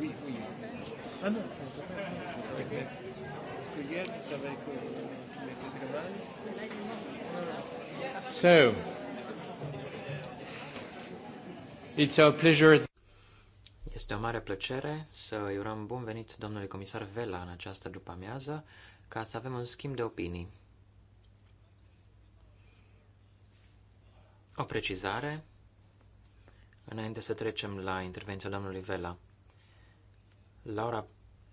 Oui, oui. Ah non, Parce que hier, tu savais que tu m'étais très mal. So, it's a pleasure. Este o mare plăcere să îi urăm bun venit domnului comisar Vela în această după-amiază ca să avem un schimb de opinii. O precizare, Înainte să trecem la intervenția domnului Vela, la ora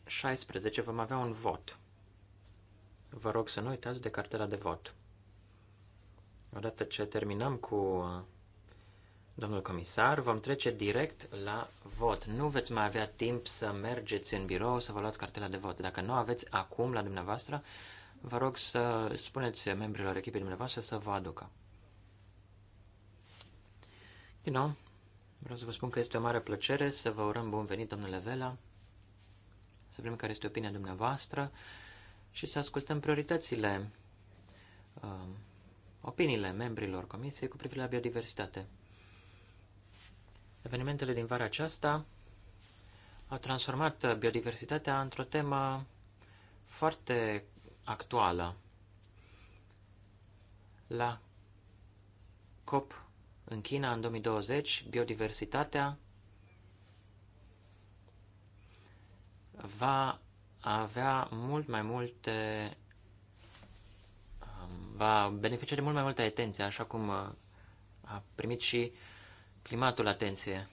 16 vom avea un vot. Vă rog să nu uitați de cartela de vot. Odată ce terminăm cu uh, domnul comisar, vom trece direct la vot. Nu veți mai avea timp să mergeți în birou să vă luați cartela de vot. Dacă nu aveți acum la dumneavoastră, vă rog să spuneți membrilor echipei dumneavoastră să vă aducă. Din nou, Vreau să vă spun că este o mare plăcere să vă urăm bun venit, domnule Vela, să vedem care este opinia dumneavoastră și să ascultăm prioritățile, um, opiniile membrilor Comisiei cu privire la biodiversitate. Evenimentele din vara aceasta au transformat biodiversitatea într-o temă foarte actuală. La COP în China, în 2020, biodiversitatea va avea mult mai multe um, va beneficia de mult mai multă atenție, așa cum uh, a primit și climatul atenție.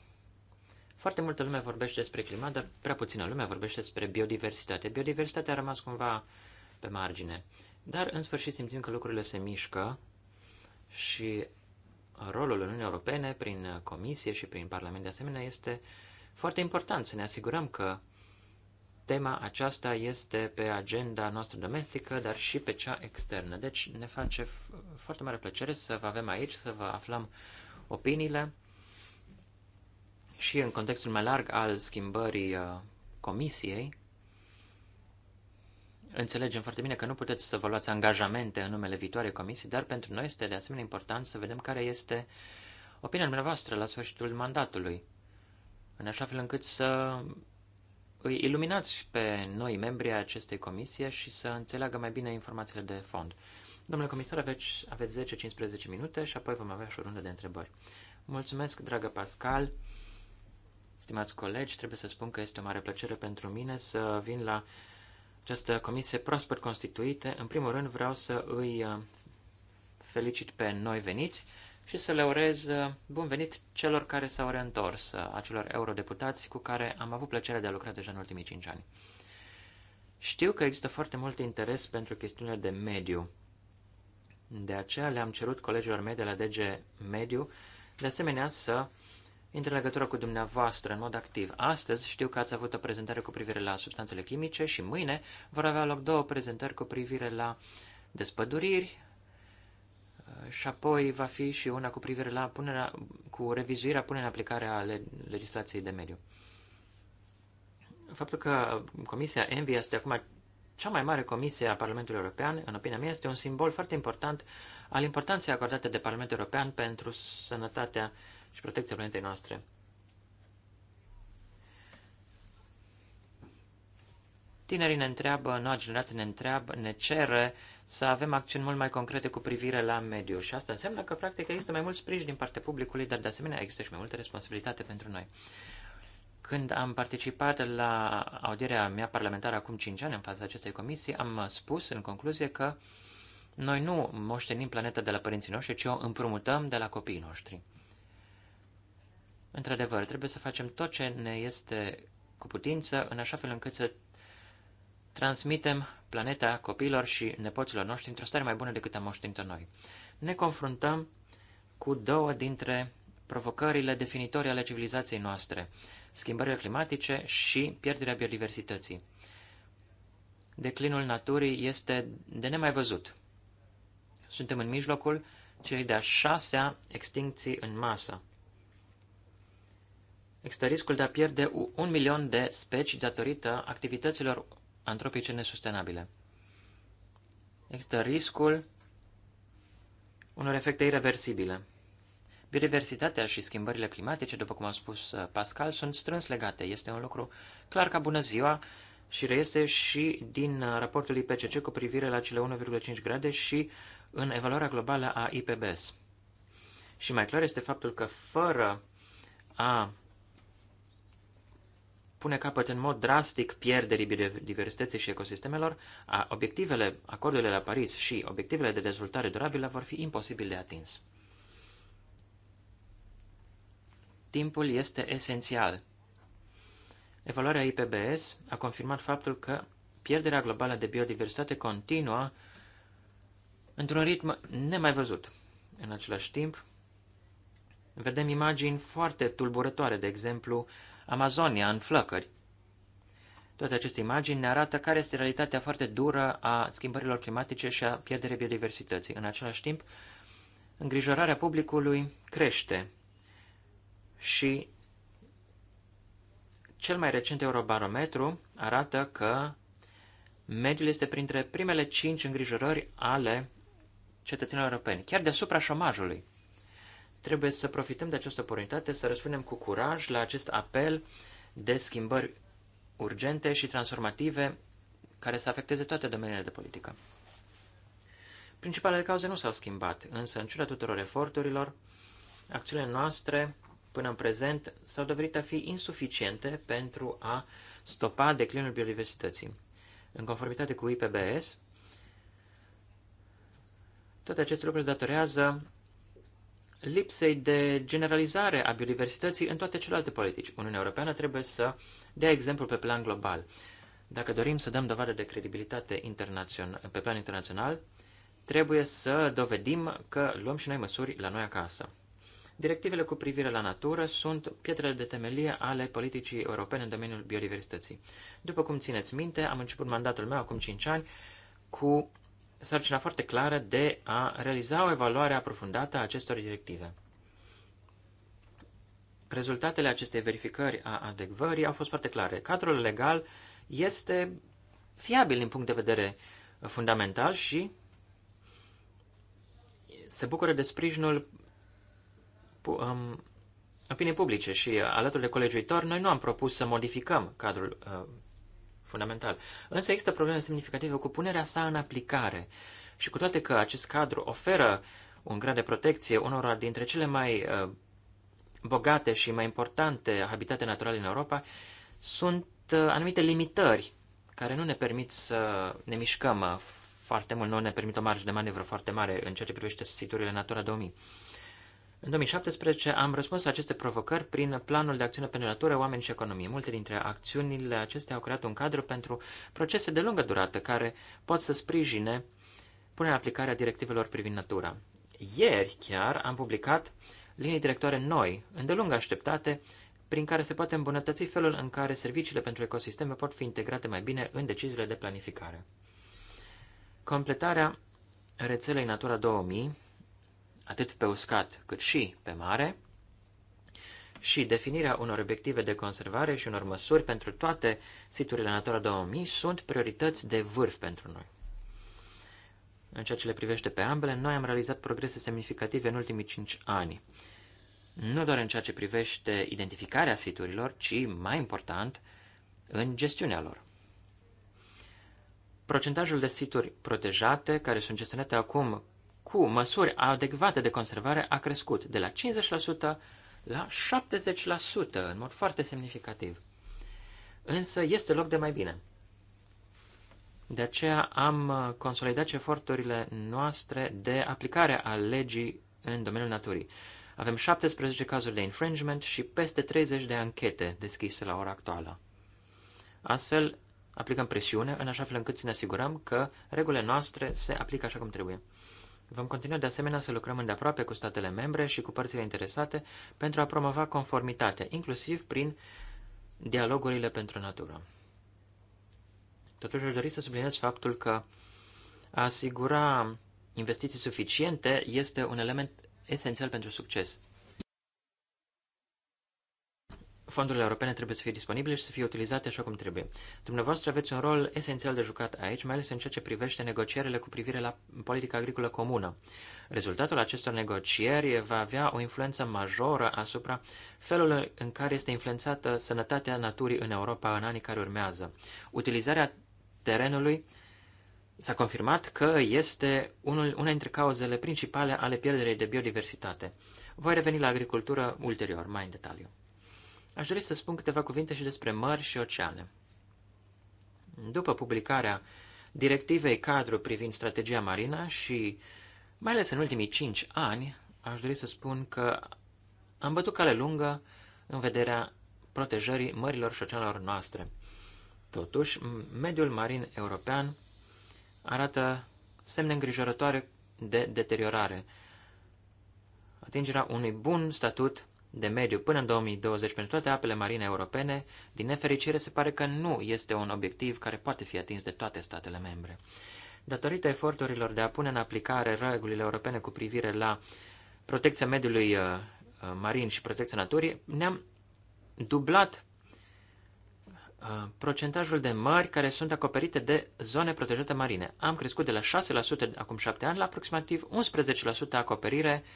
Foarte multă lume vorbește despre climat, dar prea puțină lume vorbește despre biodiversitate. Biodiversitatea a rămas cumva pe margine. Dar, în sfârșit, simțim că lucrurile se mișcă și rolul Uniunii Europene prin Comisie și prin Parlament de asemenea este foarte important să ne asigurăm că tema aceasta este pe agenda noastră domestică, dar și pe cea externă. Deci ne face foarte mare plăcere să vă avem aici, să vă aflăm opiniile și în contextul mai larg al schimbării uh, comisiei, Înțelegem foarte bine că nu puteți să vă luați angajamente în numele viitoarei comisii, dar pentru noi este de asemenea important să vedem care este opinia dumneavoastră la sfârșitul mandatului, în așa fel încât să îi iluminați pe noi membrii acestei comisie și să înțeleagă mai bine informațiile de fond. Domnule comisar, aveți, aveți 10-15 minute și apoi vom avea și o rundă de întrebări. Mulțumesc, dragă Pascal! Stimați colegi, trebuie să spun că este o mare plăcere pentru mine să vin la această comisie proaspăt constituită. În primul rând vreau să îi uh, felicit pe noi veniți și să le urez uh, bun venit celor care s-au reîntors, uh, acelor eurodeputați cu care am avut plăcerea de a lucra deja în ultimii cinci ani. Știu că există foarte mult interes pentru chestiunile de mediu. De aceea le-am cerut colegilor mei de la DG Mediu, de asemenea, să intre în legătură cu dumneavoastră în mod activ. Astăzi știu că ați avut o prezentare cu privire la substanțele chimice și mâine vor avea loc două prezentări cu privire la despăduriri uh, și apoi va fi și una cu privire la punerea, cu revizuirea punerea în aplicare a legislației de mediu. Faptul că Comisia Envy este acum cea mai mare comisie a Parlamentului European, în opinia mea, este un simbol foarte important al importanței acordate de Parlamentul European pentru sănătatea uh, și protecția planetei noastre. Tinerii ne întreabă, noua generație ne întreabă, ne cere să avem acțiuni mult mai concrete cu privire la mediu. Și asta înseamnă că, practic, există mai mult sprijin din partea publicului, dar, de asemenea, există și mai multă responsabilitate pentru noi. Când am participat la audierea mea parlamentară acum 5 ani în fața acestei comisii, am spus în concluzie că noi nu moștenim planeta de la părinții noștri, ci o împrumutăm de la copiii noștri. Într-adevăr, trebuie să facem tot ce ne este cu putință, în așa fel încât să transmitem planeta copiilor și nepoților noștri într-o stare mai bună decât am moștenit noi. Ne confruntăm cu două dintre provocările definitorii ale civilizației noastre, schimbările climatice și pierderea biodiversității. Declinul naturii este de nemai văzut. Suntem în mijlocul celei de-a șasea extincții în masă. Există riscul de a pierde un milion de specii datorită activităților antropice nesustenabile. Există riscul unor efecte irreversibile. Biodiversitatea și schimbările climatice, după cum a spus uh, Pascal, sunt strâns legate. Este un lucru clar ca bună ziua și reiese și din uh, raportul IPCC cu privire la cele 1,5 grade și în evaluarea globală a IPBS. Și mai clar este faptul că fără a pune capăt în mod drastic pierderii biodiversității și ecosistemelor, a obiectivele acordului la Paris și obiectivele de dezvoltare durabilă vor fi imposibil de atins. Timpul este esențial. Evaluarea IPBS a confirmat faptul că pierderea globală de biodiversitate continuă într-un ritm nemai văzut. În același timp, vedem imagini foarte tulburătoare, de exemplu, Amazonia în flăcări. Toate aceste imagini ne arată care este realitatea foarte dură a schimbărilor climatice și a pierderii biodiversității. În același timp, îngrijorarea publicului crește și cel mai recent eurobarometru arată că mediul este printre primele cinci îngrijorări ale cetățenilor europeni, chiar deasupra șomajului. Trebuie să profităm de această oportunitate, să răspundem cu curaj la acest apel de schimbări urgente și transformative care să afecteze toate domeniile de politică. Principalele cauze nu s-au schimbat, însă, în ciuda tuturor eforturilor, acțiunile noastre până în prezent s-au dovedit a fi insuficiente pentru a stopa declinul biodiversității. În conformitate cu IPBS, toate aceste lucruri se datorează lipsei de generalizare a biodiversității în toate celelalte politici. Uniunea Europeană trebuie să dea exemplu pe plan global. Dacă dorim să dăm dovadă de credibilitate pe plan internațional, trebuie să dovedim că luăm și noi măsuri la noi acasă. Directivele cu privire la natură sunt pietrele de temelie ale politicii europene în domeniul biodiversității. După cum țineți minte, am început mandatul meu acum 5 ani cu sarcina foarte clară de a realiza o evaluare aprofundată a acestor directive. Rezultatele acestei verificări a adecvării au fost foarte clare. Cadrul legal este fiabil din punct de vedere fundamental și se bucură de sprijinul um, opiniei publice și alături de colegiuitor, noi nu am propus să modificăm cadrul uh, fundamental. Însă există probleme semnificative cu punerea sa în aplicare. Și cu toate că acest cadru oferă un grad de protecție unora dintre cele mai uh, bogate și mai importante habitate naturale în Europa, sunt uh, anumite limitări care nu ne permit să ne mișcăm uh, foarte mult, nu ne permit o marjă de manevră foarte mare în ceea ce privește siturile Natura 2000. În 2017 am răspuns la aceste provocări prin Planul de Acțiune pentru Natură, Oameni și Economie. Multe dintre acțiunile acestea au creat un cadru pentru procese de lungă durată care pot să sprijine punerea în directivelor privind natura. Ieri chiar am publicat linii directoare noi, îndelungă așteptate, prin care se poate îmbunătăți felul în care serviciile pentru ecosisteme pot fi integrate mai bine în deciziile de planificare. Completarea rețelei Natura 2000 atât pe uscat cât și pe mare, și definirea unor obiective de conservare și unor măsuri pentru toate siturile Natura 2000 sunt priorități de vârf pentru noi. În ceea ce le privește pe ambele, noi am realizat progrese semnificative în ultimii 5 ani. Nu doar în ceea ce privește identificarea siturilor, ci, mai important, în gestiunea lor. Procentajul de situri protejate, care sunt gestionate acum cu măsuri adecvate de conservare a crescut de la 50% la 70% în mod foarte semnificativ. Însă este loc de mai bine. De aceea am consolidat eforturile noastre de aplicare a legii în domeniul naturii. Avem 17 cazuri de infringement și peste 30 de anchete deschise la ora actuală. Astfel, aplicăm presiune în așa fel încât să ne asigurăm că regulile noastre se aplică așa cum trebuie. Vom continua de asemenea să lucrăm îndeaproape cu statele membre și cu părțile interesate pentru a promova conformitatea, inclusiv prin dialogurile pentru natură. Totuși aș dori să subliniez faptul că a asigura investiții suficiente este un element esențial pentru succes fondurile europene trebuie să fie disponibile și să fie utilizate așa cum trebuie. Dumneavoastră aveți un rol esențial de jucat aici, mai ales în ceea ce privește negocierile cu privire la politica agricolă comună. Rezultatul acestor negocieri va avea o influență majoră asupra felului în care este influențată sănătatea naturii în Europa în anii care urmează. Utilizarea terenului s-a confirmat că este unul, una dintre cauzele principale ale pierderii de biodiversitate. Voi reveni la agricultură ulterior, mai în detaliu. Aș dori să spun câteva cuvinte și despre mări și oceane. După publicarea directivei cadru privind strategia marină și mai ales în ultimii cinci ani, aș dori să spun că am bătut cale lungă în vederea protejării mărilor și oceanelor noastre. Totuși, mediul marin european arată semne îngrijorătoare de deteriorare. Atingerea unui bun statut de mediu până în 2020 pentru toate apele marine europene, din nefericire se pare că nu este un obiectiv care poate fi atins de toate statele membre. Datorită eforturilor de a pune în aplicare regulile europene cu privire la protecția mediului uh, uh, marin și protecția naturii, ne-am dublat uh, procentajul de mări care sunt acoperite de zone protejate marine. Am crescut de la 6% acum 7 ani la aproximativ 11% acoperire uh,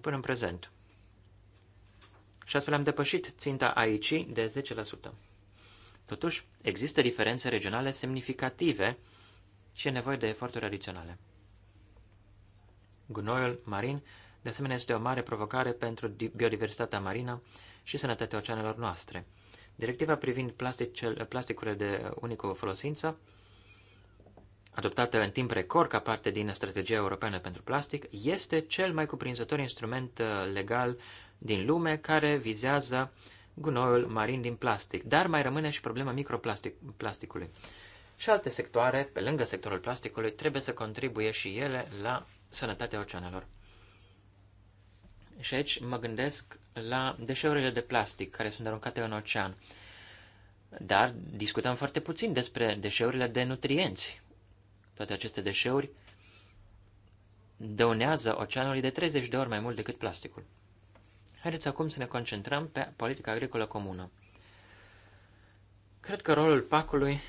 până în prezent. Și astfel am depășit ținta aici de 10%. Totuși, există diferențe regionale semnificative și e nevoie de eforturi adiționale. Gunoiul marin, de asemenea, este o mare provocare pentru biodiversitatea marină și sănătatea oceanelor noastre. Directiva privind plasticurile de unică folosință adoptată în timp record ca parte din strategia europeană pentru plastic, este cel mai cuprinzător instrument uh, legal din lume care vizează gunoiul marin din plastic, dar mai rămâne și problema microplasticului. Microplastic, și alte sectoare, pe lângă sectorul plasticului, trebuie să contribuie și ele la sănătatea oceanelor. Și aici mă gândesc la deșeurile de plastic care sunt aruncate în ocean. Dar discutăm foarte puțin despre deșeurile de nutrienți toate aceste deșeuri dăunează oceanului de 30 de ori mai mult decât plasticul. Haideți acum să ne concentrăm pe politica agricolă comună. Cred că rolul PAC-ului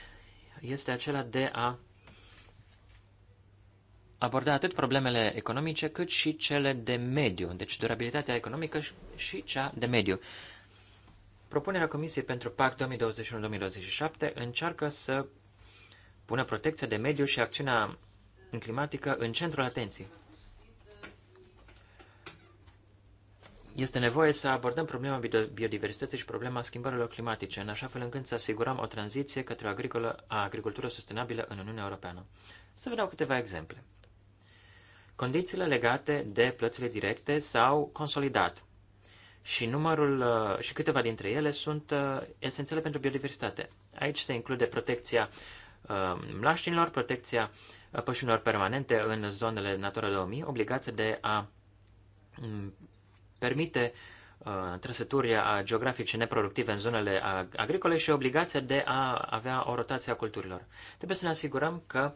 este acela de a aborda atât problemele economice cât și cele de mediu, deci durabilitatea economică și cea de mediu. Propunerea Comisiei pentru PAC 2021-2027 încearcă să pune protecția de mediu și acțiunea climatică în centrul atenției. Este nevoie să abordăm problema biodiversității și problema schimbărilor climatice, în așa fel încât să asigurăm o tranziție către o agricolă, a agricultură sustenabilă în Uniunea Europeană. Să vă dau câteva exemple. Condițiile legate de plățile directe s-au consolidat și numărul uh, și câteva dintre ele sunt uh, esențiale pentru biodiversitate. Aici se include protecția Um, mlaștinilor, protecția pășunilor permanente în zonele Natura 2000, obligația de a um, permite uh, trăsături geografice neproductive în zonele agricole și obligația de a avea o rotație a culturilor. Trebuie să ne asigurăm că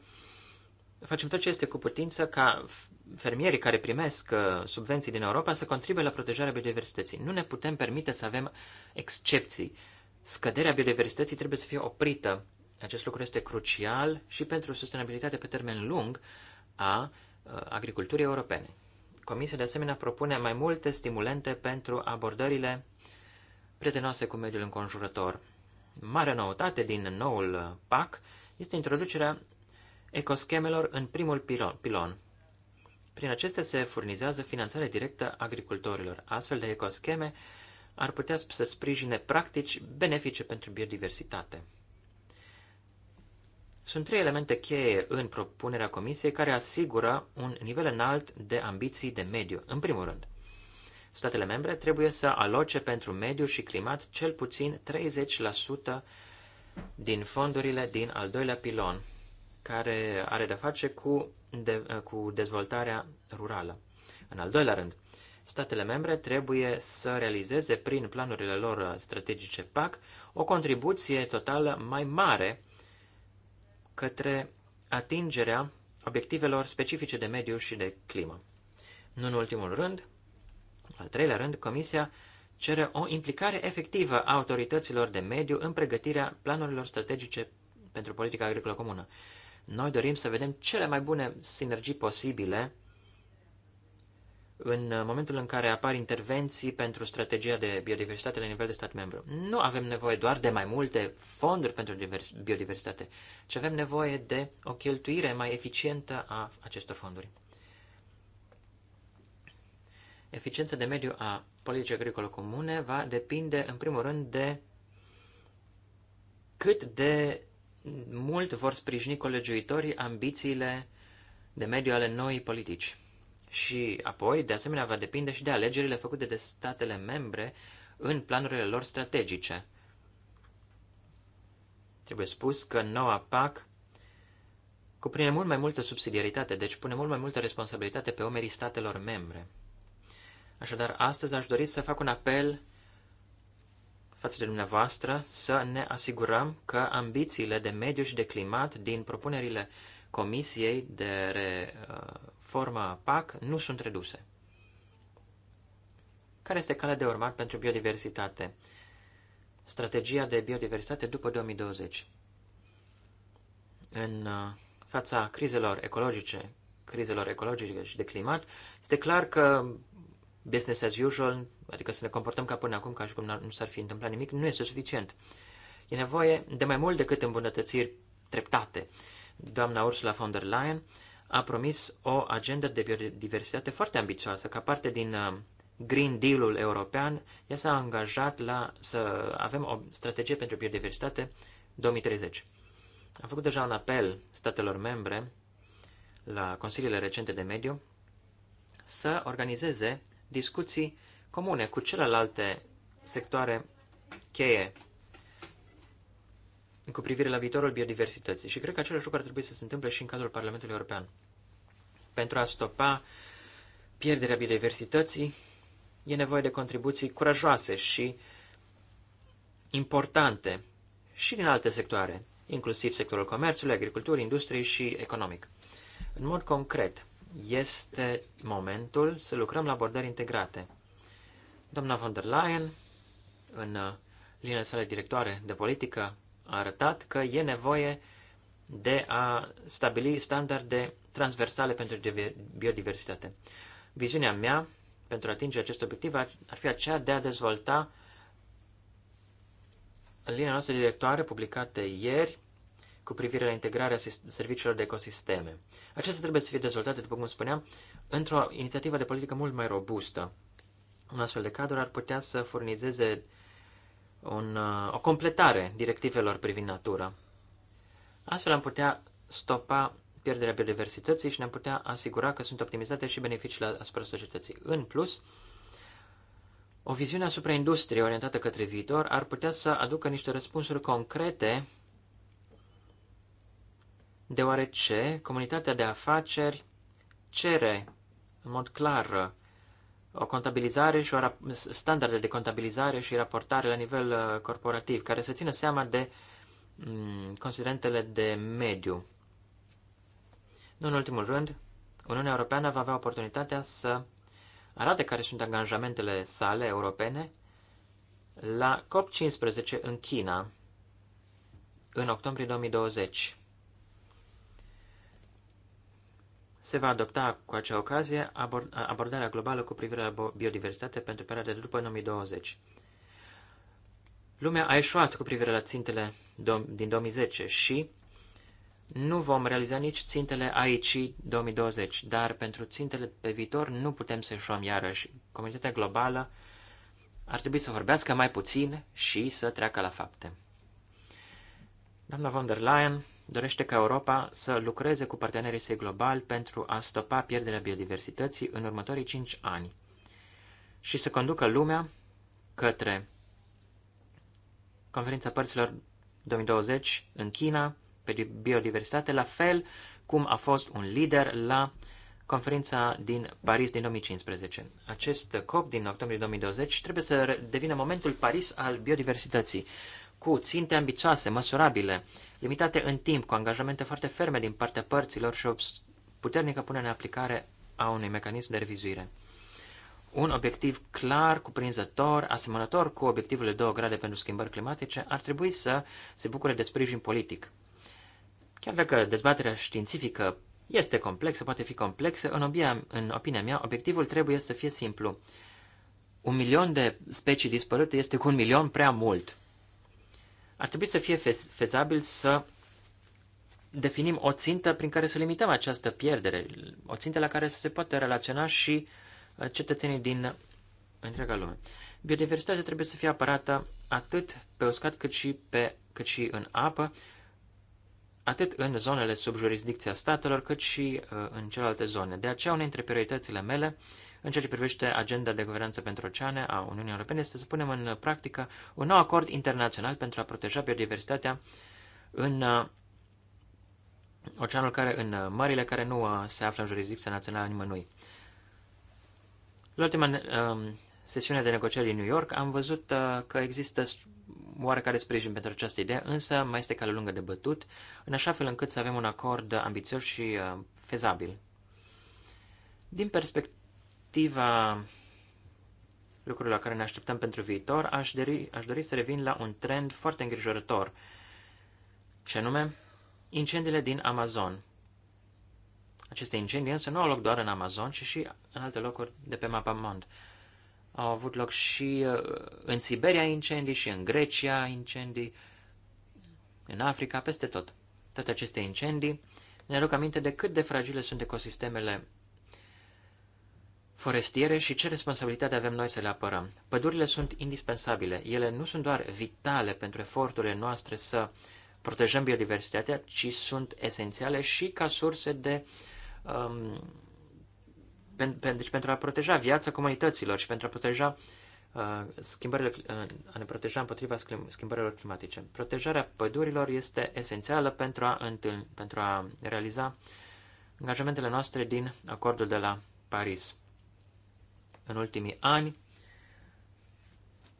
facem tot ce este cu putință ca fermierii care primesc uh, subvenții din Europa să contribuie la protejarea biodiversității. Nu ne putem permite să avem excepții. Scăderea biodiversității trebuie să fie oprită acest lucru este crucial și pentru sustenabilitate pe termen lung a agriculturii europene. Comisia de asemenea propune mai multe stimulente pentru abordările prietenoase cu mediul înconjurător. Marea noutate din noul PAC este introducerea ecoschemelor în primul pilon. Prin acestea se furnizează finanțare directă agricultorilor. Astfel de ecoscheme ar putea să sprijine practici benefice pentru biodiversitate. Sunt trei elemente cheie în propunerea Comisiei care asigură un nivel înalt de ambiții de mediu. În primul rând, statele membre trebuie să aloce pentru mediu și climat cel puțin 30% din fondurile din al doilea pilon, care are de face cu, de, cu dezvoltarea rurală. În al doilea rând, statele membre trebuie să realizeze prin planurile lor strategice PAC o contribuție totală mai mare către atingerea obiectivelor specifice de mediu și de climă. Nu în ultimul rând, al treilea rând, Comisia cere o implicare efectivă a autorităților de mediu în pregătirea planurilor strategice pentru politica agricolă comună. Noi dorim să vedem cele mai bune sinergii posibile în uh, momentul în care apar intervenții pentru strategia de biodiversitate la nivel de stat membru. Nu avem nevoie doar de mai multe fonduri pentru biodiversitate, ci avem nevoie de o cheltuire mai eficientă a acestor fonduri. Eficiența de mediu a politicii agricole comune va depinde, în primul rând, de cât de mult vor sprijini colegiuitorii ambițiile de mediu ale noii politici. Și apoi, de asemenea, va depinde și de alegerile făcute de statele membre în planurile lor strategice. Trebuie spus că noua PAC cuprinde mult mai multă subsidiaritate, deci pune mult mai multă responsabilitate pe omerii statelor membre. Așadar, astăzi aș dori să fac un apel față de dumneavoastră să ne asigurăm că ambițiile de mediu și de climat din propunerile Comisiei de uh, reforma PAC nu sunt reduse. Care este calea de urmat pentru biodiversitate? Strategia de biodiversitate după 2020. În uh, fața crizelor ecologice, crizelor ecologice și de climat, este clar că business as usual, adică să ne comportăm ca până acum, ca și cum nu s-ar fi întâmplat nimic, nu este suficient. E nevoie de mai mult decât îmbunătățiri treptate. Uh, doamna Ursula von der Leyen a promis o agendă de biodiversitate foarte ambițioasă. Ca parte din uh, Green Deal-ul european, ea s-a angajat la să avem o strategie pentru biodiversitate 2030. Am făcut deja un apel statelor membre la consiliile recente de mediu să organizeze discuții comune cu celelalte sectoare cheie cu privire la viitorul biodiversității. Și cred că același lucru ar trebui să se întâmple și în cadrul Parlamentului European. Pentru a stopa pierderea biodiversității, e nevoie de contribuții curajoase și importante și din alte sectoare, inclusiv sectorul comerțului, agriculturii, industriei și economic. În mod concret, este momentul să lucrăm la abordări integrate. Doamna von der Leyen, în linia sale directoare de politică arătat că e nevoie de a stabili standarde transversale pentru biodiversitate. Viziunea mea pentru a atinge acest obiectiv ar, fi aceea de a dezvolta linia noastră directoare publicată ieri cu privire la integrarea serviciilor de ecosisteme. Acestea trebuie să fie dezvoltate, după cum spuneam, într-o inițiativă de politică mult mai robustă. Un astfel de cadru ar putea să furnizeze un, uh, o completare directivelor privind natura. Astfel am putea stopa pierderea biodiversității și ne-am putea asigura că sunt optimizate și beneficiile asupra societății. În plus, o viziune asupra industriei orientată către viitor ar putea să aducă niște răspunsuri concrete, deoarece comunitatea de afaceri cere în mod clar o contabilizare și o standarde de contabilizare și raportare la nivel uh, corporativ, care să țină seama de mm, considerentele de mediu. Nu în ultimul rând, Uniunea Europeană va avea oportunitatea să arate care sunt angajamentele sale europene la COP15 în China în octombrie 2020. Se va adopta cu acea ocazie abordarea globală cu privire la biodiversitate pentru perioada de după 2020. Lumea a eșuat cu privire la țintele din 2010 și nu vom realiza nici țintele aici 2020, dar pentru țintele pe viitor nu putem să eșuăm iarăși. Comunitatea globală ar trebui să vorbească mai puțin și să treacă la fapte. Doamna von der Leyen dorește ca Europa să lucreze cu partenerii săi globali pentru a stopa pierderea biodiversității în următorii 5 ani și să conducă lumea către conferința părților 2020 în China pe biodiversitate, la fel cum a fost un lider la conferința din Paris din 2015. Acest COP din octombrie 2020 trebuie să devină momentul Paris al biodiversității cu ținte ambițioase, măsurabile, limitate în timp, cu angajamente foarte ferme din partea părților și o puternică punere în aplicare a unui mecanism de revizuire. Un obiectiv clar, cuprinzător, asemănător cu obiectivul de 2 grade pentru schimbări climatice, ar trebui să se bucure de sprijin politic. Chiar dacă dezbaterea științifică este complexă, poate fi complexă, în, obia, în opinia mea, obiectivul trebuie să fie simplu. Un milion de specii dispărute este cu un milion prea mult ar trebui să fie fezabil să definim o țintă prin care să limităm această pierdere, o țintă la care să se poată relaționa și uh, cetățenii din întreaga lume. Biodiversitatea trebuie să fie apărată atât pe uscat cât și, pe, cât și în apă, atât în zonele sub jurisdicția statelor, cât și uh, în celelalte zone. De aceea, unei dintre prioritățile mele uh, în ceea ce privește agenda de guvernanță pentru oceane a Uniunii Europene, este să punem în practică un nou acord internațional pentru a proteja biodiversitatea în uh, oceanul care, în uh, mările care nu uh, se află în jurisdicția națională a nimănui. La ultima sesiune de negocieri din New York am văzut că există oarecare sprijin pentru această idee, însă mai este cale lungă de bătut, în așa fel încât să avem un acord ambițios și fezabil. Din perspectiva perspectiva lucrurilor la care ne așteptăm pentru viitor, aș dori, aș dori să revin la un trend foarte îngrijorător, și anume incendiile din Amazon. Aceste incendii însă nu au loc doar în Amazon, ci și în alte locuri de pe mapa mond. Au avut loc și uh, în Siberia incendii, și în Grecia incendii, în Africa, peste tot. Toate aceste incendii ne aduc aminte de cât de fragile sunt ecosistemele forestiere și ce responsabilitate avem noi să le apărăm. Pădurile sunt indispensabile. Ele nu sunt doar vitale pentru eforturile noastre să protejăm biodiversitatea, ci sunt esențiale și ca surse de. Um, pen, pen, deci pentru a proteja viața comunităților și pentru a proteja uh, schimbările, uh, a ne proteja împotriva schimbărilor climatice. Protejarea pădurilor este esențială pentru a, întâln, pentru a realiza angajamentele noastre din acordul de la Paris în ultimii ani,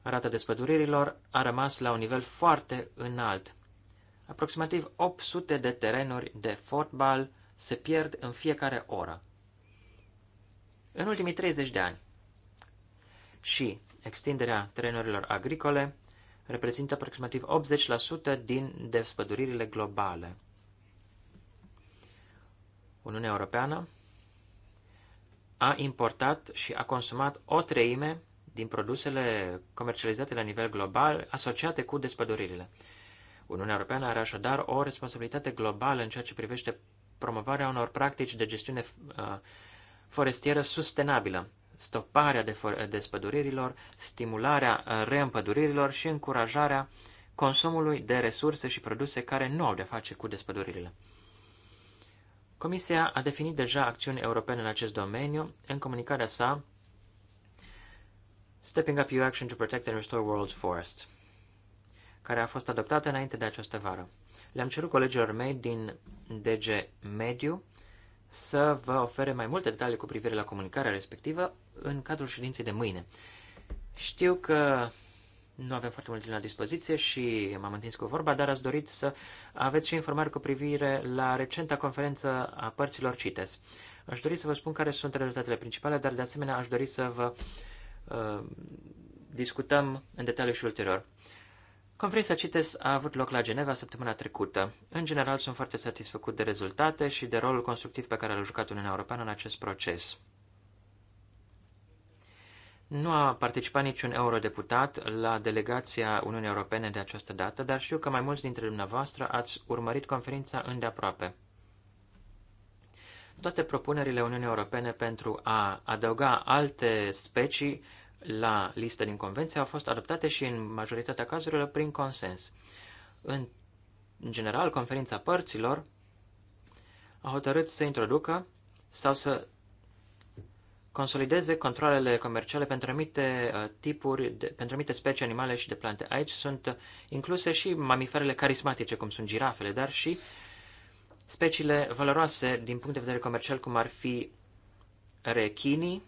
rata despăduririlor a rămas la un nivel foarte înalt. Aproximativ 800 de terenuri de fotbal se pierd în fiecare oră. În ultimii 30 de ani. Și extinderea terenurilor agricole reprezintă aproximativ 80% din despăduririle globale. Uniunea Europeană a importat și a consumat o treime din produsele comercializate la nivel global asociate cu despăduririle. Uniunea Europeană are așadar o responsabilitate globală în ceea ce privește promovarea unor practici de gestiune uh, forestieră sustenabilă, stoparea despăduririlor, stimularea uh, reîmpăduririlor și încurajarea consumului de resurse și produse care nu au de face cu despăduririle. Comisia a definit deja acțiuni europene în acest domeniu în comunicarea sa Stepping Up EU Action to Protect and Restore World's Forest, care a fost adoptată înainte de această vară. Le-am cerut colegilor mei din DG Mediu să vă ofere mai multe detalii cu privire la comunicarea respectivă în cadrul ședinței de mâine. Știu că nu avem foarte mult la dispoziție și m-am întins cu vorba, dar ați dorit să aveți și informări cu privire la recenta conferință a părților CITES. Aș dori să vă spun care sunt rezultatele principale, dar de asemenea aș dori să vă uh, discutăm în detaliu și ulterior. Conferința CITES a avut loc la Geneva săptămâna trecută. În general, sunt foarte satisfăcut de rezultate și de rolul constructiv pe care l-a jucat Uniunea Europeană în acest proces. Nu a participat niciun eurodeputat la delegația Uniunii Europene de această dată, dar știu că mai mulți dintre dumneavoastră ați urmărit conferința îndeaproape. Toate propunerile Uniunii Europene pentru a adăuga alte specii la listă din convenție au fost adoptate și în majoritatea cazurilor prin consens. În general, conferința părților a hotărât să introducă sau să consolideze controlele comerciale pentru anumite uh, tipuri, de, pentru anumite specii animale și de plante. Aici sunt uh, incluse și mamiferele carismatice, cum sunt girafele, dar și speciile valoroase din punct de vedere comercial, cum ar fi rechinii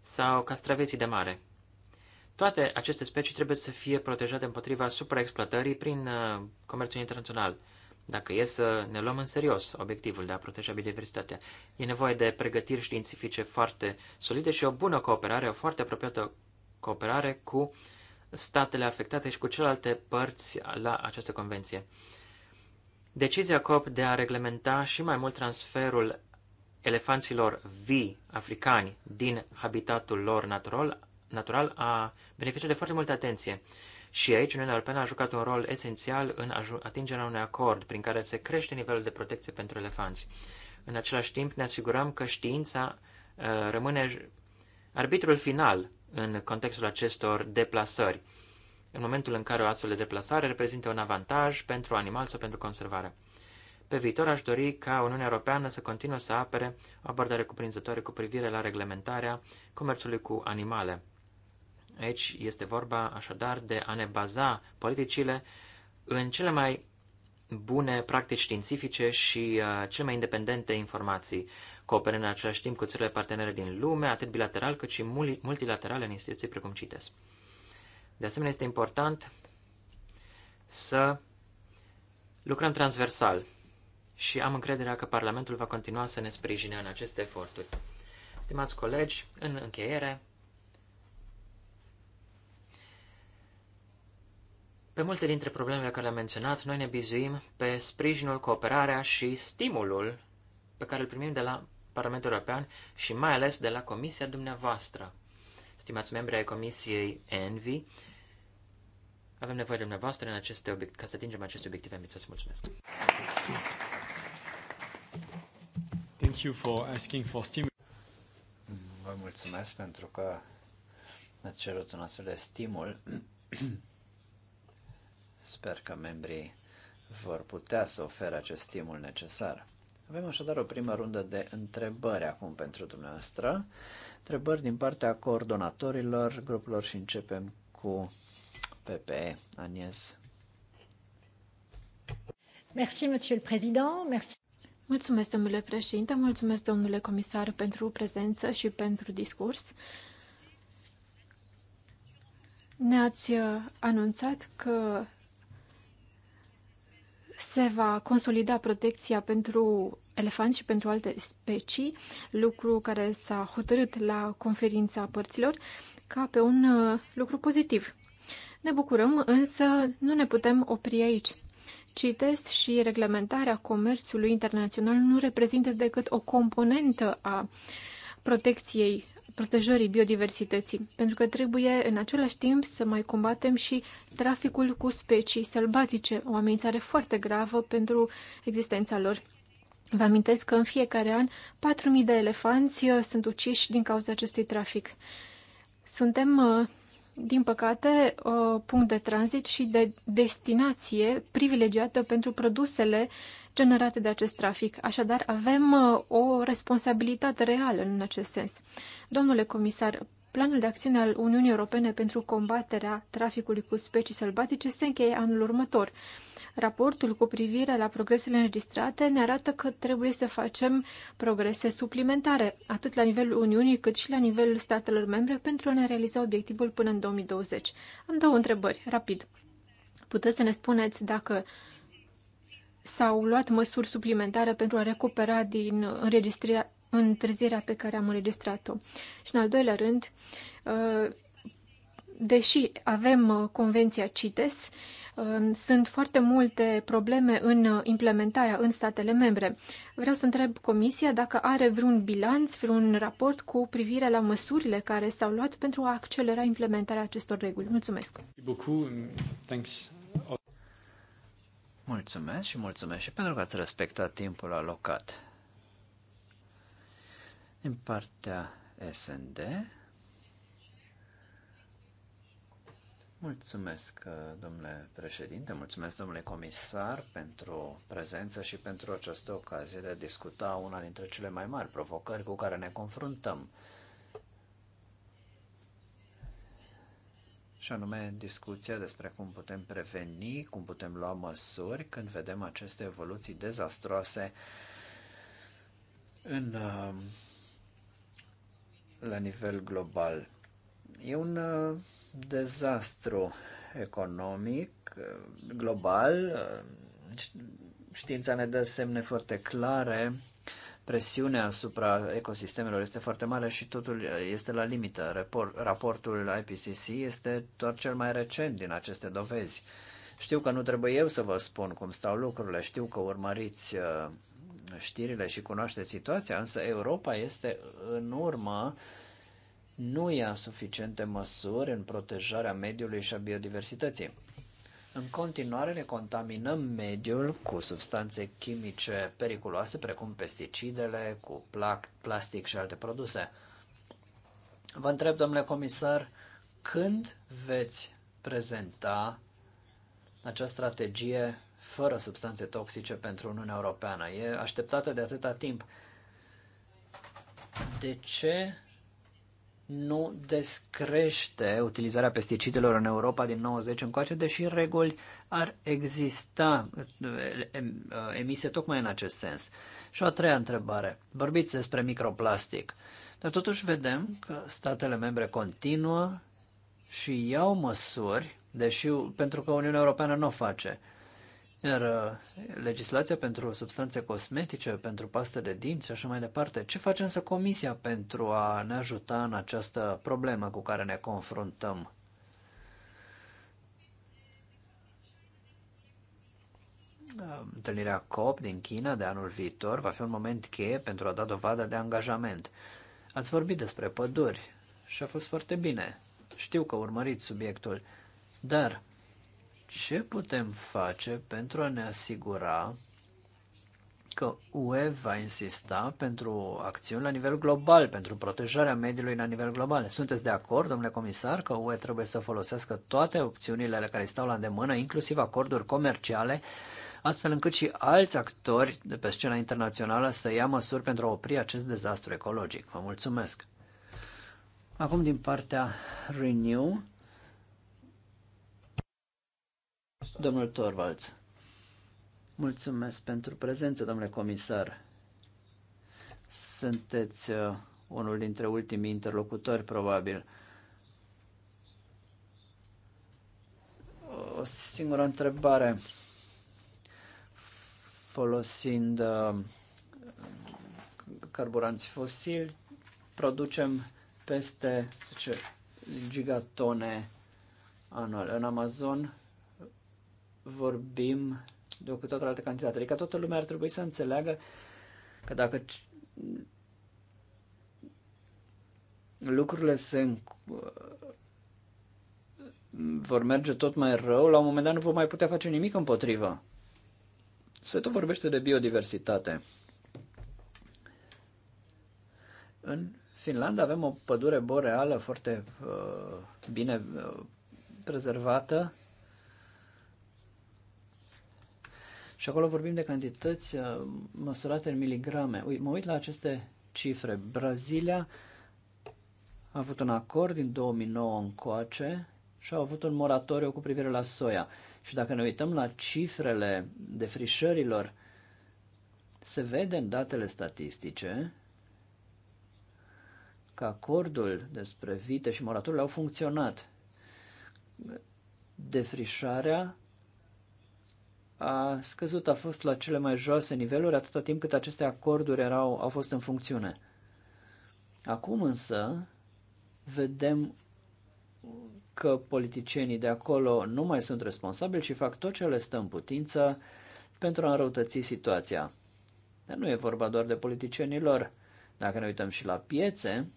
sau castraveții de mare. Toate aceste specii trebuie să fie protejate împotriva supraexploatării prin uh, comerțul internațional. Dacă e să ne luăm în serios obiectivul de a proteja biodiversitatea, e nevoie de pregătiri științifice foarte solide și o bună cooperare, o foarte apropiată cooperare cu statele afectate și cu celelalte părți la această convenție. Decizia COP de a reglementa și mai mult transferul elefanților vii africani din habitatul lor natural, natural a beneficiat de foarte multă atenție. Și aici Uniunea Europeană a jucat un rol esențial în atingerea unui acord prin care se crește nivelul de protecție pentru elefanți. În același timp ne asigurăm că știința uh, rămâne arbitrul final în contextul acestor deplasări, în momentul în care o astfel de deplasare reprezintă un avantaj pentru animal sau pentru conservare. Pe viitor aș dori ca Uniunea Europeană să continue să apere o abordare cuprinzătoare cu privire la reglementarea comerțului cu animale, Aici este vorba așadar de a ne baza politicile în cele mai bune practici științifice și uh, cele mai independente informații, cooperând în același timp cu țările partenere din lume, atât bilateral cât și multilaterale în instituții precum CITES. De asemenea, este important să lucrăm transversal și am încrederea că Parlamentul va continua să ne sprijine în aceste eforturi. Stimați colegi, în încheiere, Pe multe dintre problemele care le-am menționat, noi ne bizuim pe sprijinul, cooperarea și stimulul pe care îl primim de la Parlamentul European și mai ales de la Comisia dumneavoastră. Stimați membri ai Comisiei ENVI, avem nevoie de dumneavoastră în aceste obiect- ca să atingem aceste obiective ambițioase. Mulțumesc! Thank you for asking for stimul. Vă mulțumesc pentru că ați cerut un astfel de stimul. Sper că membrii vor putea să ofere acest stimul necesar. Avem așadar o primă rundă de întrebări acum pentru dumneavoastră. Întrebări din partea coordonatorilor grupurilor și începem cu PPE. Anies. Merci, Monsieur le Président. Merci. Mulțumesc, domnule președinte, mulțumesc, domnule comisar, pentru prezență și pentru discurs. Ne-ați uh, anunțat că se va consolida protecția pentru elefanți și pentru alte specii, lucru care s-a hotărât la conferința părților ca pe un uh, lucru pozitiv. Ne bucurăm, însă nu ne putem opri aici. CITES și reglementarea comerțului internațional nu reprezintă decât o componentă a protecției protejării biodiversității, pentru că trebuie în același timp să mai combatem și traficul cu specii sălbatice, o amenințare foarte gravă pentru existența lor. Vă amintesc că în fiecare an 4.000 de elefanți uh, sunt uciși din cauza acestui trafic. Suntem, uh, din păcate, uh, punct de tranzit și de destinație privilegiată pentru produsele generate de acest trafic. Așadar, avem uh, o responsabilitate reală în acest sens. Domnule comisar, Planul de acțiune al Uniunii Europene pentru combaterea traficului cu specii sălbatice se încheie anul următor. Raportul cu privire la progresele înregistrate ne arată că trebuie să facem progrese suplimentare, atât la nivelul Uniunii cât și la nivelul statelor membre, pentru a ne realiza obiectivul până în 2020. Am două întrebări, rapid. Puteți să ne spuneți dacă s-au luat măsuri suplimentare pentru a recupera din înregistrarea întârzierea pe care am înregistrat-o. Și în al doilea rând, uh, deși avem uh, convenția CITES, uh, sunt foarte multe probleme în implementarea în statele membre. Vreau să întreb Comisia dacă are vreun bilanț, vreun raport cu privire la măsurile care s-au luat pentru a accelera implementarea acestor reguli. Mulțumesc! Mulțumesc și mulțumesc și pentru că ați respectat timpul alocat. Din partea SND, Mulțumesc, domnule președinte, mulțumesc, domnule comisar, pentru prezență și pentru această ocazie de a discuta una dintre cele mai mari provocări cu care ne confruntăm. și anume discuția despre cum putem preveni, cum putem lua măsuri când vedem aceste evoluții dezastroase în, uh, la nivel global. E un uh, dezastru economic, uh, global. Știința ne dă semne foarte clare presiunea asupra ecosistemelor este foarte mare și totul este la limită. Raportul IPCC este doar cel mai recent din aceste dovezi. Știu că nu trebuie eu să vă spun cum stau lucrurile, știu că urmăriți uh, știrile și cunoașteți situația, însă Europa este în urmă, nu ia suficiente măsuri în protejarea mediului și a biodiversității. În continuare ne contaminăm mediul cu substanțe chimice periculoase, precum pesticidele, cu plastic și alte produse. Vă întreb, domnule comisar, când veți prezenta această strategie fără substanțe toxice pentru Uniunea Europeană? E așteptată de atâta timp. De ce nu descrește utilizarea pesticidelor în Europa din 90 încoace, deși reguli ar exista eh, eh, emise tocmai în acest sens. Și o treia întrebare. Vorbiți despre microplastic, dar totuși vedem că statele membre continuă și iau măsuri, deși pentru că Uniunea Europeană nu o face. Iar uh, legislația pentru substanțe cosmetice, pentru paste de dinți și așa mai departe, ce face însă Comisia pentru a ne ajuta în această problemă cu care ne confruntăm? Uh, întâlnirea COP din China de anul viitor va fi un moment cheie pentru a da dovadă de angajament. Ați vorbit despre păduri și a fost foarte bine. Știu că urmăriți subiectul, dar ce putem face pentru a ne asigura că UE va insista pentru acțiuni la nivel global, pentru protejarea mediului la nivel global. Sunteți de acord, domnule comisar, că UE trebuie să folosească toate opțiunile care stau la îndemână, inclusiv acorduri comerciale, astfel încât și alți actori de pe scena internațională să ia măsuri pentru a opri acest dezastru ecologic. Vă mulțumesc! Acum din partea Renew, Domnul Torvalds, mulțumesc pentru prezență, domnule comisar. Sunteți uh, unul dintre ultimii interlocutori, probabil. O singură întrebare. Folosind uh, carburanți fosili, producem peste 10 gigatone anual. În Amazon vorbim de o cu toată altă cantitate. Adică toată lumea ar trebui să înțeleagă că dacă lucrurile se uh, vor merge tot mai rău, la un moment dat nu vom mai putea face nimic împotriva. Se tot vorbește de biodiversitate. În Finlanda avem o pădure boreală foarte uh, bine uh, prezervată, Și acolo vorbim de cantități uh, măsurate în miligrame. Ui, mă uit la aceste cifre. Brazilia a avut un acord din 2009 încoace și au avut un moratoriu cu privire la soia. Și dacă ne uităm la cifrele defrișărilor, se vede în datele statistice că acordul despre vite și moratoriul au funcționat. Defrișarea a scăzut, a fost la cele mai joase niveluri atâta timp cât aceste acorduri erau, au fost în funcțiune. Acum însă vedem că politicienii de acolo nu mai sunt responsabili și fac tot ce le stă în putință pentru a înrăutăți situația. Dar nu e vorba doar de politicienii lor. Dacă ne uităm și la piețe,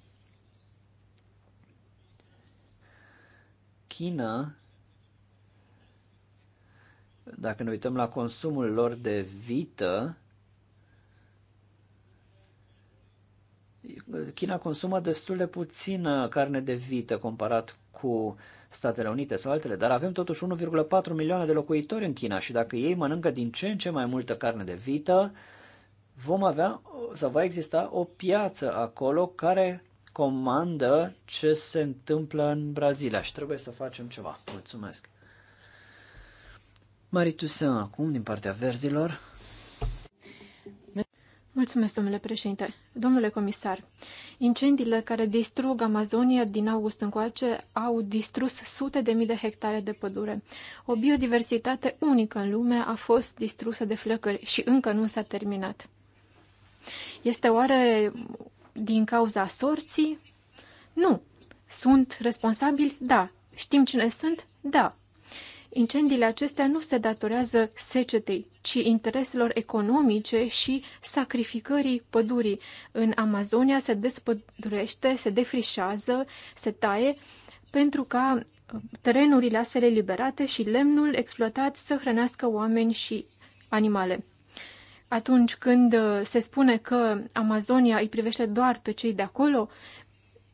China dacă ne uităm la consumul lor de vită, China consumă destul de puțină carne de vită comparat cu Statele Unite sau altele, dar avem totuși 1,4 milioane de locuitori în China și dacă ei mănâncă din ce în ce mai multă carne de vită, vom avea sau va exista o piață acolo care comandă ce se întâmplă în Brazilia și trebuie să facem ceva. Mulțumesc! Marie Tusan, acum, din partea verzilor. Mulțumesc, domnule președinte. Domnule comisar, incendiile care distrug Amazonia din august încoace au distrus sute de mii de hectare de pădure. O biodiversitate unică în lume a fost distrusă de flăcări și încă nu s-a terminat. Este oare din cauza sorții? Nu. Sunt responsabili? Da. Știm cine sunt? Da. Incendiile acestea nu se datorează secetei, ci intereselor economice și sacrificării pădurii. În Amazonia se despădurește, se defrișează, se taie pentru ca uh, terenurile astfel eliberate și lemnul exploatat să hrănească oameni și animale. Atunci când uh, se spune că Amazonia îi privește doar pe cei de acolo,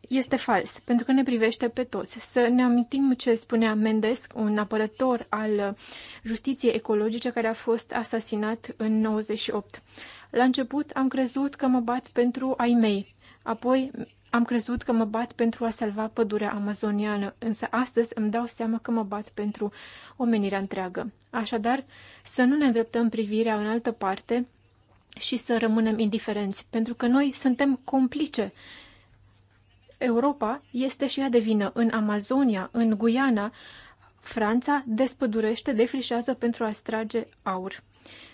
este fals, pentru că ne privește pe toți. Să ne amintim ce spunea Mendes, un apărător al justiției ecologice care a fost asasinat în 98. La început am crezut că mă bat pentru ai mei, apoi am crezut că mă bat pentru a salva pădurea amazoniană, însă astăzi îmi dau seama că mă bat pentru omenirea întreagă. Așadar, să nu ne îndreptăm privirea în altă parte și să rămânem indiferenți, pentru că noi suntem complice Europa este și ea de vină. În Amazonia, în Guiana, Franța despădurește, defrișează pentru a strage aur.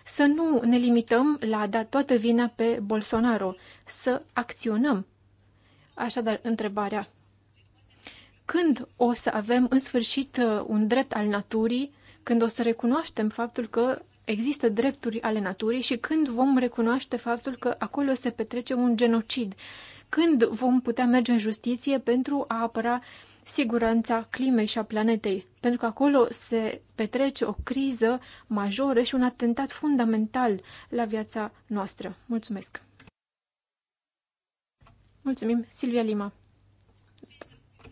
Să nu ne limităm la a da toată vina pe Bolsonaro, să acționăm. Așadar, întrebarea. Când o să avem în sfârșit uh, un drept al naturii, când o să recunoaștem faptul că există drepturi ale naturii și când vom recunoaște faptul că acolo se petrece un genocid, când vom putea merge în justiție pentru a apăra siguranța climei și a planetei? Pentru că acolo se petrece o criză majoră și un atentat fundamental la viața noastră. Mulțumesc! Mulțumim, Silvia Lima!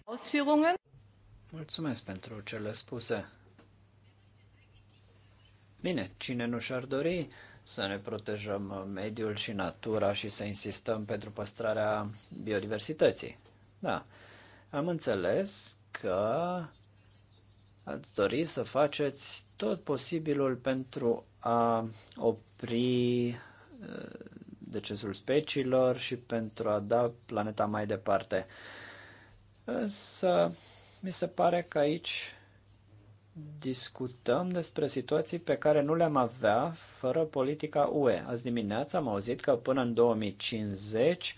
Ausführungen? Mulțumesc pentru cele spuse. Bine, cine nu și-ar dori să ne protejăm mediul și natura și să insistăm pentru păstrarea biodiversității. Da, am înțeles că ați dori să faceți tot posibilul pentru a opri eh, decesul speciilor și pentru a da planeta mai departe. Însă, mi se pare că aici discutăm despre situații pe care nu le-am avea fără politica UE. Azi dimineața am auzit că până în 2050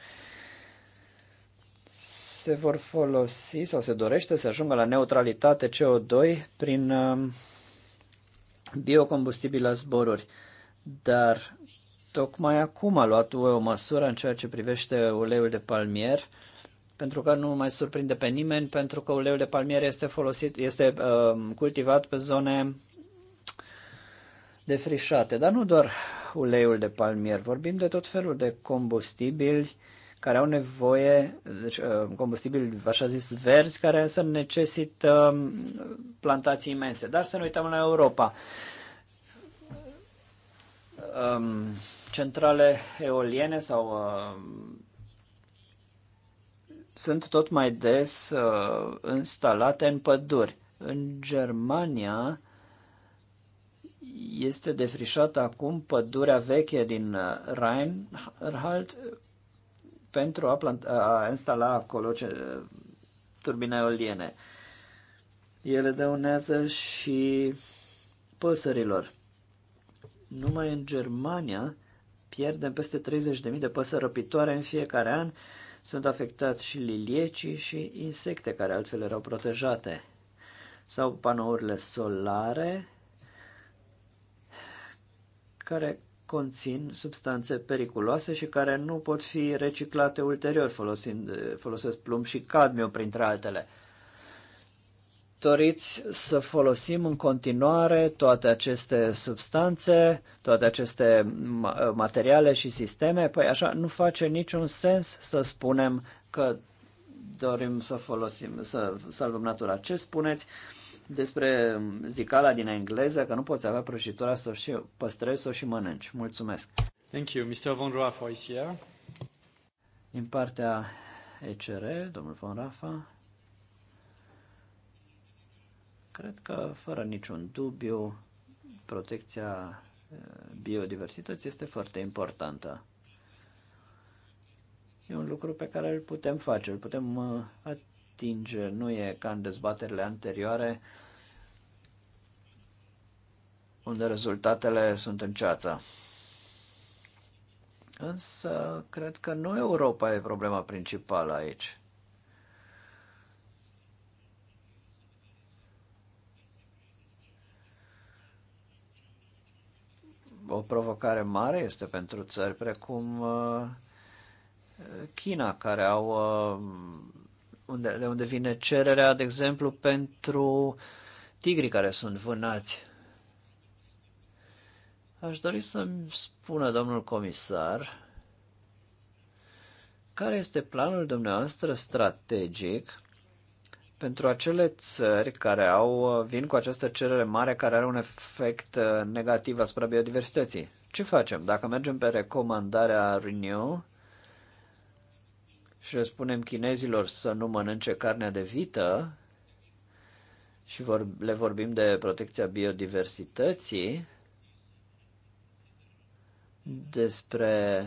se vor folosi sau se dorește să ajungă la neutralitate CO2 prin um, biocombustibil la zboruri. Dar tocmai acum a luat UE o măsură în ceea ce privește uleiul de palmier pentru că nu mai surprinde pe nimeni, pentru că uleiul de palmier este folosit, este uh, cultivat pe zone defrișate, dar nu doar uleiul de palmier, vorbim de tot felul de combustibili care au nevoie, deci uh, combustibili, așa zis, verzi, care să necesită um, plantații imense. Dar să nu uităm la Europa. Um, centrale eoliene sau uh, sunt tot mai des uh, instalate în păduri. În Germania este defrișată acum pădurea veche din uh, Rheinhalt pentru a, planta, a instala acolo ce, uh, turbine eoliene. Ele dăunează și păsărilor. Numai în Germania pierdem peste 30.000 de păsări răpitoare în fiecare an sunt afectați și liliecii și insecte care altfel erau protejate. Sau panourile solare care conțin substanțe periculoase și care nu pot fi reciclate ulterior, folosind, folosesc plumb și cadmiu printre altele doriți să folosim în continuare toate aceste substanțe, toate aceste materiale și sisteme? Păi așa nu face niciun sens să spunem că dorim să folosim, să salvăm natura. Ce spuneți despre zicala din engleză, că nu poți avea prăjitura să o și păstrezi, să o și mănânci? Mulțumesc! Thank you, Mr. Von Rafa, is here. Din partea ECR, domnul Von Rafa. Cred că, fără niciun dubiu, protecția biodiversității este foarte importantă. E un lucru pe care îl putem face, îl putem atinge. Nu e ca în dezbaterile anterioare, unde rezultatele sunt în ceață. Însă, cred că nu Europa e problema principală aici. o provocare mare este pentru țări precum uh, China, care au uh, unde, de unde vine cererea, de exemplu, pentru tigri care sunt vânați. Aș dori să-mi spună domnul comisar care este planul dumneavoastră strategic pentru acele țări care au, vin cu această cerere mare care are un efect uh, negativ asupra biodiversității. Ce facem? Dacă mergem pe recomandarea Renew și le spunem chinezilor să nu mănânce carnea de vită și vor, le vorbim de protecția biodiversității, despre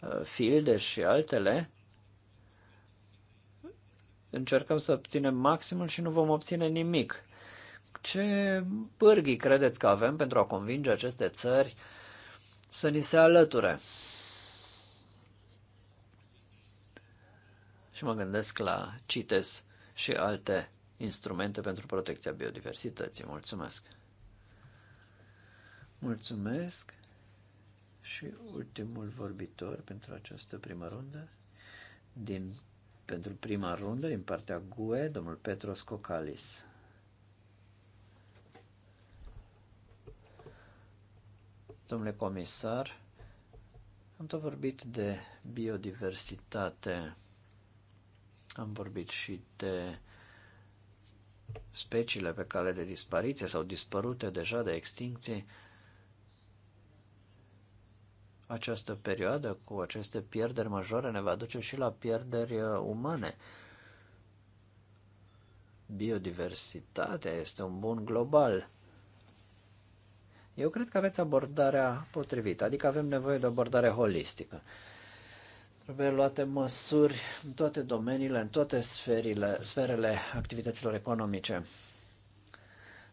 uh, filde și altele, încercăm să obținem maximul și nu vom obține nimic. Ce pârghii credeți că avem pentru a convinge aceste țări să ni se alăture? Și mă gândesc la CITES și alte instrumente pentru protecția biodiversității. Mulțumesc! Mulțumesc! Și ultimul vorbitor pentru această primă rundă din pentru prima rundă, din partea GUE, domnul Petros Cocalis. Domnule comisar, am tot vorbit de biodiversitate, am vorbit și de speciile pe care de dispariție sau dispărute deja de extincție această perioadă cu aceste pierderi majore ne va duce și la pierderi uh, umane. Biodiversitatea este un bun global. Eu cred că aveți abordarea potrivită, adică avem nevoie de o abordare holistică. Trebuie luate măsuri în toate domeniile, în toate sferile, sferele activităților economice.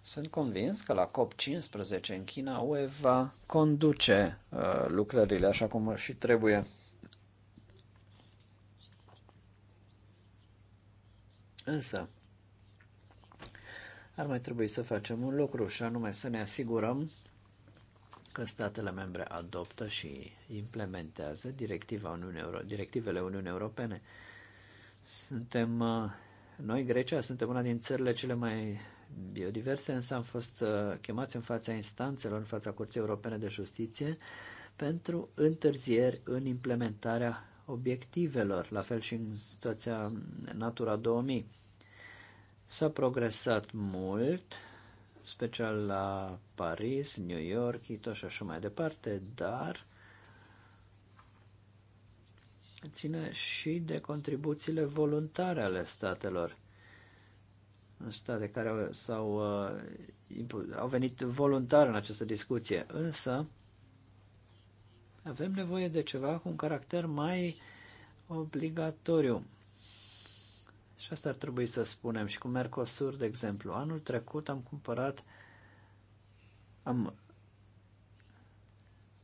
Sunt convins că la COP15 în China UE va conduce uh, lucrările așa cum și trebuie. Însă, ar mai trebui să facem un lucru și anume să ne asigurăm că statele membre adoptă și implementează directiva Uniune Euro- directivele Uniunii Europene. Suntem, uh, noi, Grecia, suntem una din țările cele mai biodiverse, însă am fost uh, chemați în fața instanțelor, în fața Curții Europene de Justiție, pentru întârzieri în implementarea obiectivelor, la fel și în situația Natura 2000. S-a progresat mult, special la Paris, New York, Ito și așa mai departe, dar ține și de contribuțiile voluntare ale statelor state care s-au, uh, au venit voluntar în această discuție, însă avem nevoie de ceva cu un caracter mai obligatoriu. Și asta ar trebui să spunem. Și cu Mercosur, de exemplu, anul trecut am cumpărat am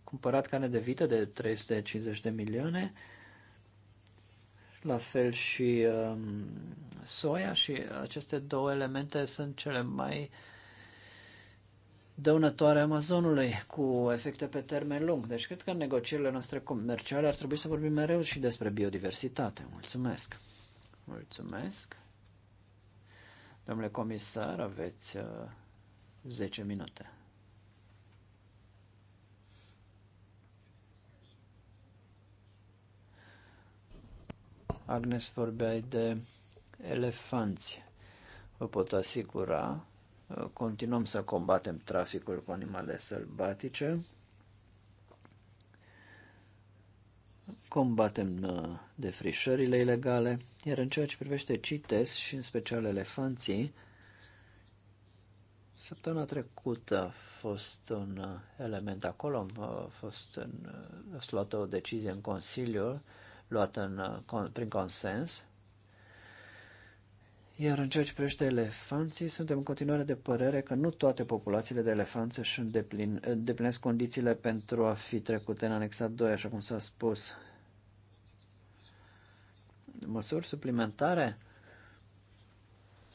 cumpărat carne de vită de 350 de milioane la fel și um, soia și aceste două elemente sunt cele mai dăunătoare Amazonului cu efecte pe termen lung. Deci cred că în negocierile noastre comerciale ar trebui să vorbim mereu și despre biodiversitate. Mulțumesc! Mulțumesc! Domnule comisar, aveți uh, 10 minute. Agnes, vorbeai de elefanți. Vă pot asigura, uh, continuăm să combatem traficul cu animale sălbatice, combatem uh, defrișările ilegale, iar în ceea ce privește CITES și în special elefanții, Săptămâna trecută a fost un uh, element acolo, a fost, în, a fost luată o decizie în Consiliu luat în, prin consens. Iar în ceea ce privește elefanții, suntem în continuare de părere că nu toate populațiile de elefanți își îndeplin, îndeplinesc condițiile pentru a fi trecute în anexa 2, așa cum s-a spus. Măsuri suplimentare?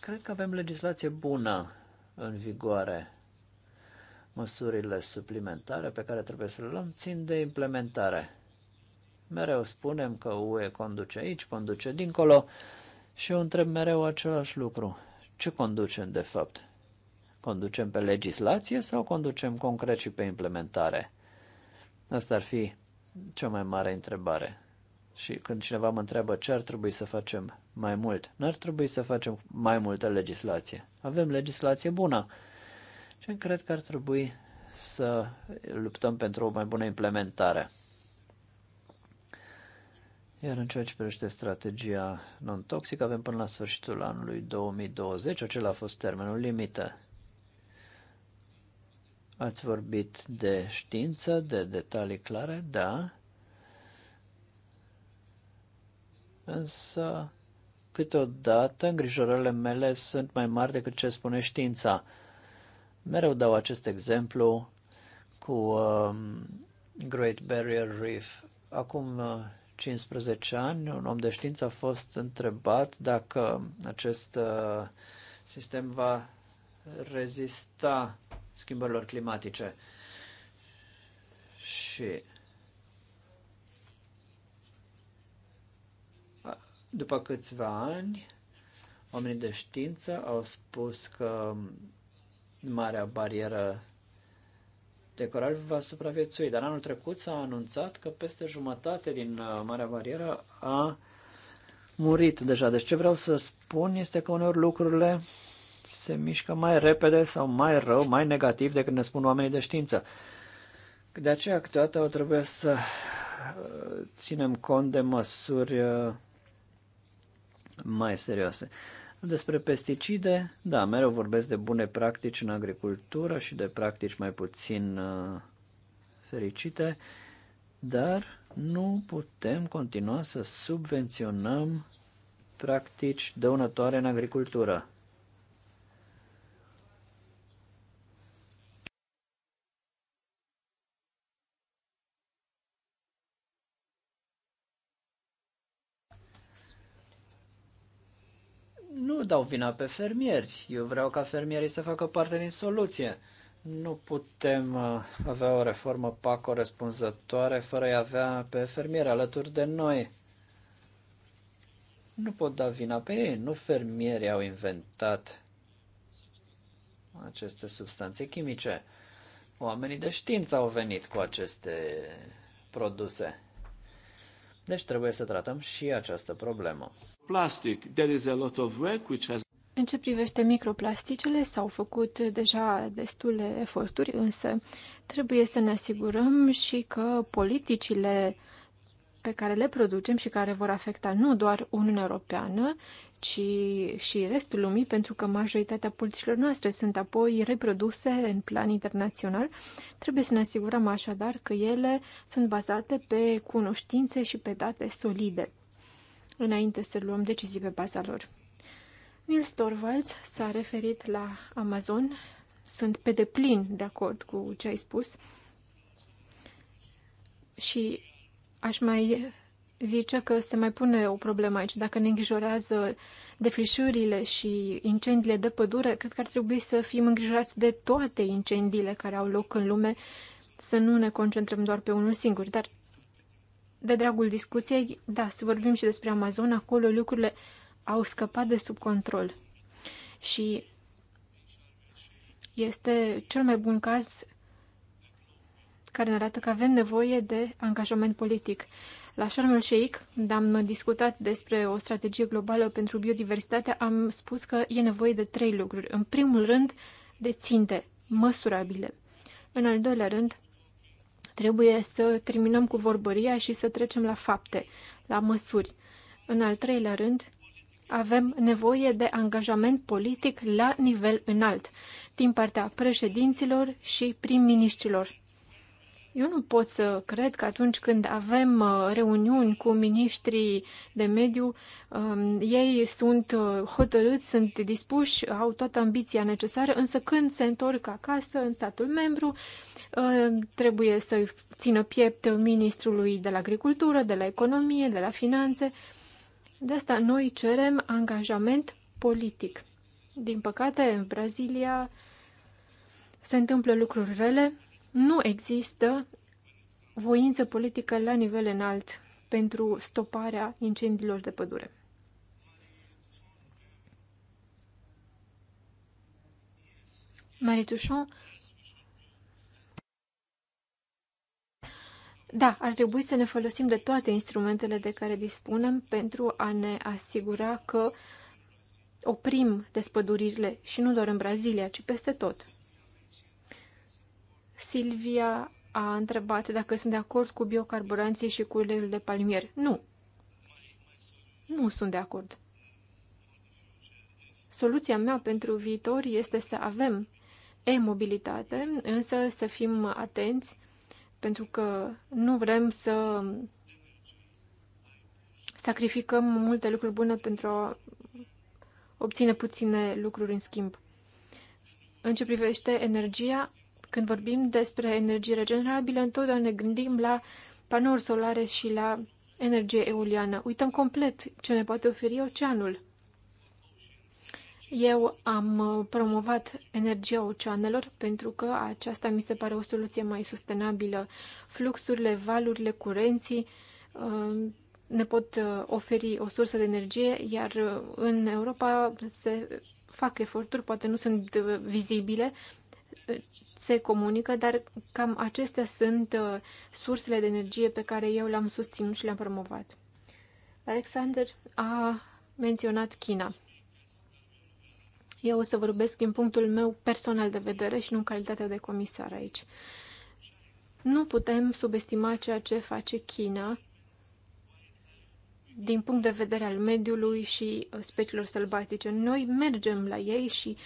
Cred că avem legislație bună în vigoare. Măsurile suplimentare pe care trebuie să le luăm țin de implementare. Mereu spunem că UE conduce aici, conduce dincolo și eu întreb mereu același lucru. Ce conducem de fapt? Conducem pe legislație sau conducem concret și pe implementare? Asta ar fi cea mai mare întrebare. Și când cineva mă întreabă ce ar trebui să facem mai mult, n-ar trebui să facem mai multă legislație. Avem legislație bună. Și cred că ar trebui să luptăm pentru o mai bună implementare. Iar în ceea ce privește strategia non-toxică, avem până la sfârșitul anului 2020, acela a fost termenul limită. Ați vorbit de știință, de detalii clare, da, însă câteodată îngrijorările mele sunt mai mari decât ce spune știința. Mereu dau acest exemplu cu um, Great Barrier Reef. Acum uh, 15 ani, un om de știință a fost întrebat dacă acest uh, sistem va rezista schimbărilor climatice. Și după câțiva ani, oamenii de știință au spus că marea barieră Decoral va supraviețui, dar anul trecut s-a anunțat că peste jumătate din uh, Marea Barieră a murit deja. Deci ce vreau să spun este că uneori lucrurile se mișcă mai repede sau mai rău, mai negativ decât ne spun oamenii de știință. De aceea câteodată trebuie să uh, ținem cont de măsuri uh, mai serioase. Despre pesticide, da, mereu vorbesc de bune practici în agricultură și de practici mai puțin uh, fericite, dar nu putem continua să subvenționăm practici dăunătoare în agricultură. nu dau vina pe fermieri. Eu vreau ca fermierii să facă parte din soluție. Nu putem uh, avea o reformă PAC corespunzătoare fără a avea pe fermieri alături de noi. Nu pot da vina pe ei, nu fermierii au inventat aceste substanțe chimice. Oamenii de știință au venit cu aceste produse. Deci trebuie să tratăm și această problemă. Plastic, there is a lot of work which has în ce privește microplasticele, s-au făcut deja destule eforturi, însă trebuie să ne asigurăm și că politicile pe care le producem și care vor afecta nu doar Uniunea Europeană, ci și restul lumii, pentru că majoritatea politicilor noastre sunt apoi reproduse în plan internațional. Trebuie să ne asigurăm așadar că ele sunt bazate pe cunoștințe și pe date solide înainte să luăm decizii pe baza lor. Nils Torvalds s-a referit la Amazon. Sunt pe deplin de acord cu ce ai spus. Și aș mai zice că se mai pune o problemă aici. Dacă ne îngrijorează defrișurile și incendiile de pădure, cred că ar trebui să fim îngrijorați de toate incendiile care au loc în lume, să nu ne concentrăm doar pe unul singur. Dar de dragul discuției, da, să vorbim și despre Amazon, acolo lucrurile au scăpat de sub control. Și este cel mai bun caz care ne arată că avem nevoie de angajament politic. La Sharm el Sheikh, când am discutat despre o strategie globală pentru biodiversitate, am spus că e nevoie de trei lucruri. În primul rând, de ținte măsurabile. În al doilea rând, Trebuie să terminăm cu vorbăria și să trecem la fapte, la măsuri. În al treilea rând, avem nevoie de angajament politic la nivel înalt, din partea președinților și prim-ministrilor. Eu nu pot să cred că atunci când avem uh, reuniuni cu ministrii de mediu, um, ei sunt uh, hotărâți, sunt dispuși, au toată ambiția necesară, însă când se întorc acasă în statul membru, Ă, trebuie să țină piept ministrului de la agricultură, de la economie, de la finanțe. De asta noi cerem angajament politic. Din păcate, în Brazilia se întâmplă lucruri rele, nu există voință politică la nivel înalt pentru stoparea incendiilor de pădure. Marie Da, ar trebui să ne folosim de toate instrumentele de care dispunem pentru a ne asigura că oprim despăduririle și nu doar în Brazilia, ci peste tot. Silvia a întrebat dacă sunt de acord cu biocarburanții și cu uleiul de palmier. Nu. Nu sunt de acord. Soluția mea pentru viitor este să avem e-mobilitate, însă să fim atenți pentru că nu vrem să sacrificăm multe lucruri bune pentru a obține puține lucruri în schimb. În ce privește energia, când vorbim despre energie regenerabilă, întotdeauna ne gândim la panouri solare și la energie eoliană. Uităm complet ce ne poate oferi oceanul. Eu am uh, promovat energia oceanelor pentru că aceasta mi se pare o soluție mai sustenabilă. Fluxurile, valurile, curenții uh, ne pot uh, oferi o sursă de energie, iar în Europa se fac eforturi, poate nu sunt vizibile, se comunică, dar cam acestea sunt sursele de energie pe care eu le-am susținut și le-am promovat. Alexander a menționat China. Eu o să vorbesc din punctul meu personal de vedere și nu în calitate de comisar aici. Nu putem subestima ceea ce face China din punct de vedere al mediului și uh, speciilor sălbatice. Noi mergem la ei și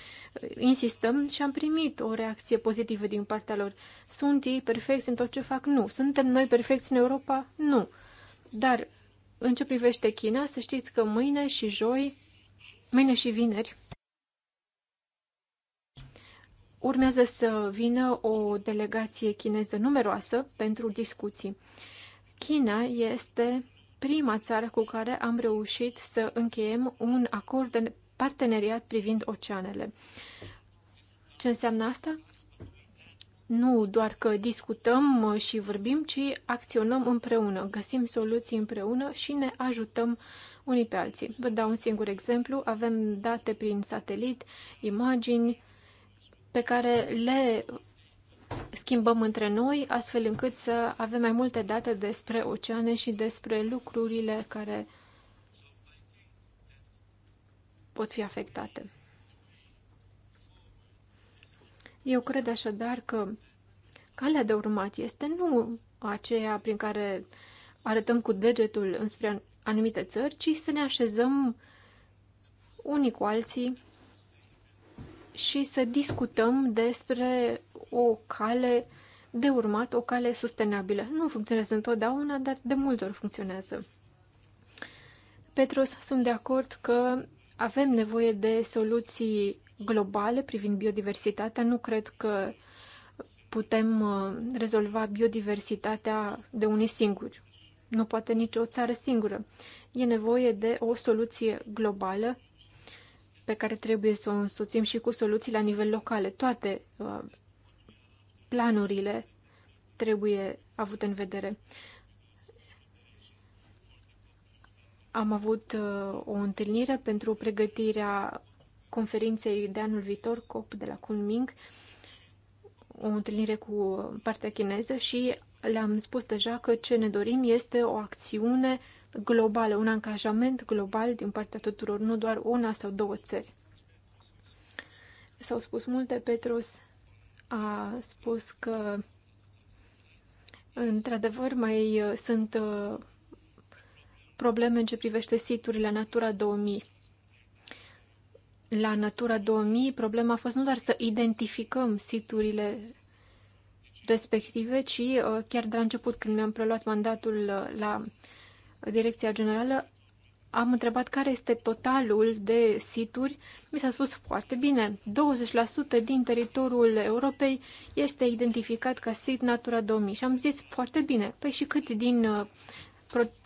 uh, insistăm și am primit o reacție pozitivă din partea lor. Sunt ei perfecți în tot ce fac? Nu. Suntem noi perfecți în Europa? Nu. Dar în ce privește China, să știți că mâine și joi, mâine și vineri, Urmează să vină o delegație chineză numeroasă pentru discuții. China este prima țară cu care am reușit să încheiem un acord de parteneriat privind oceanele. Ce înseamnă asta? Nu doar că discutăm și vorbim, ci acționăm împreună, găsim soluții împreună și ne ajutăm unii pe alții. Vă dau un singur exemplu. Avem date prin satelit, imagini, pe care le schimbăm între noi, astfel încât să avem mai multe date despre oceane și despre lucrurile care pot fi afectate. Eu cred așadar că calea de urmat este nu aceea prin care arătăm cu degetul înspre anumite țări, ci să ne așezăm unii cu alții și să discutăm despre o cale de urmat, o cale sustenabilă. Nu funcționează întotdeauna, dar de multe ori funcționează. Petros, sunt de acord că avem nevoie de soluții globale privind biodiversitatea. Nu cred că putem uh, rezolva biodiversitatea de unii singuri. Nu poate nici o țară singură. E nevoie de o soluție globală pe care trebuie să o însoțim și cu soluții la nivel local. Toate uh, planurile trebuie avute în vedere. Am avut uh, o întâlnire pentru pregătirea conferinței de anul viitor, COP de la Kunming, o întâlnire cu partea chineză și le-am spus deja că ce ne dorim este o acțiune uh, globală, un angajament global din partea tuturor, nu doar una sau două țări. S-au spus multe, Petrus a spus că într-adevăr mai uh, sunt uh, probleme în ce privește siturile Natura 2000. La Natura 2000 problema a fost nu doar să identificăm siturile respective, ci uh, chiar de la început, când mi-am preluat mandatul la Direcția Generală, am întrebat care este totalul de situri. Mi s-a spus foarte bine, 20% din teritoriul Europei este identificat ca sit Natura 2000 și am zis foarte bine, păi și cât din uh,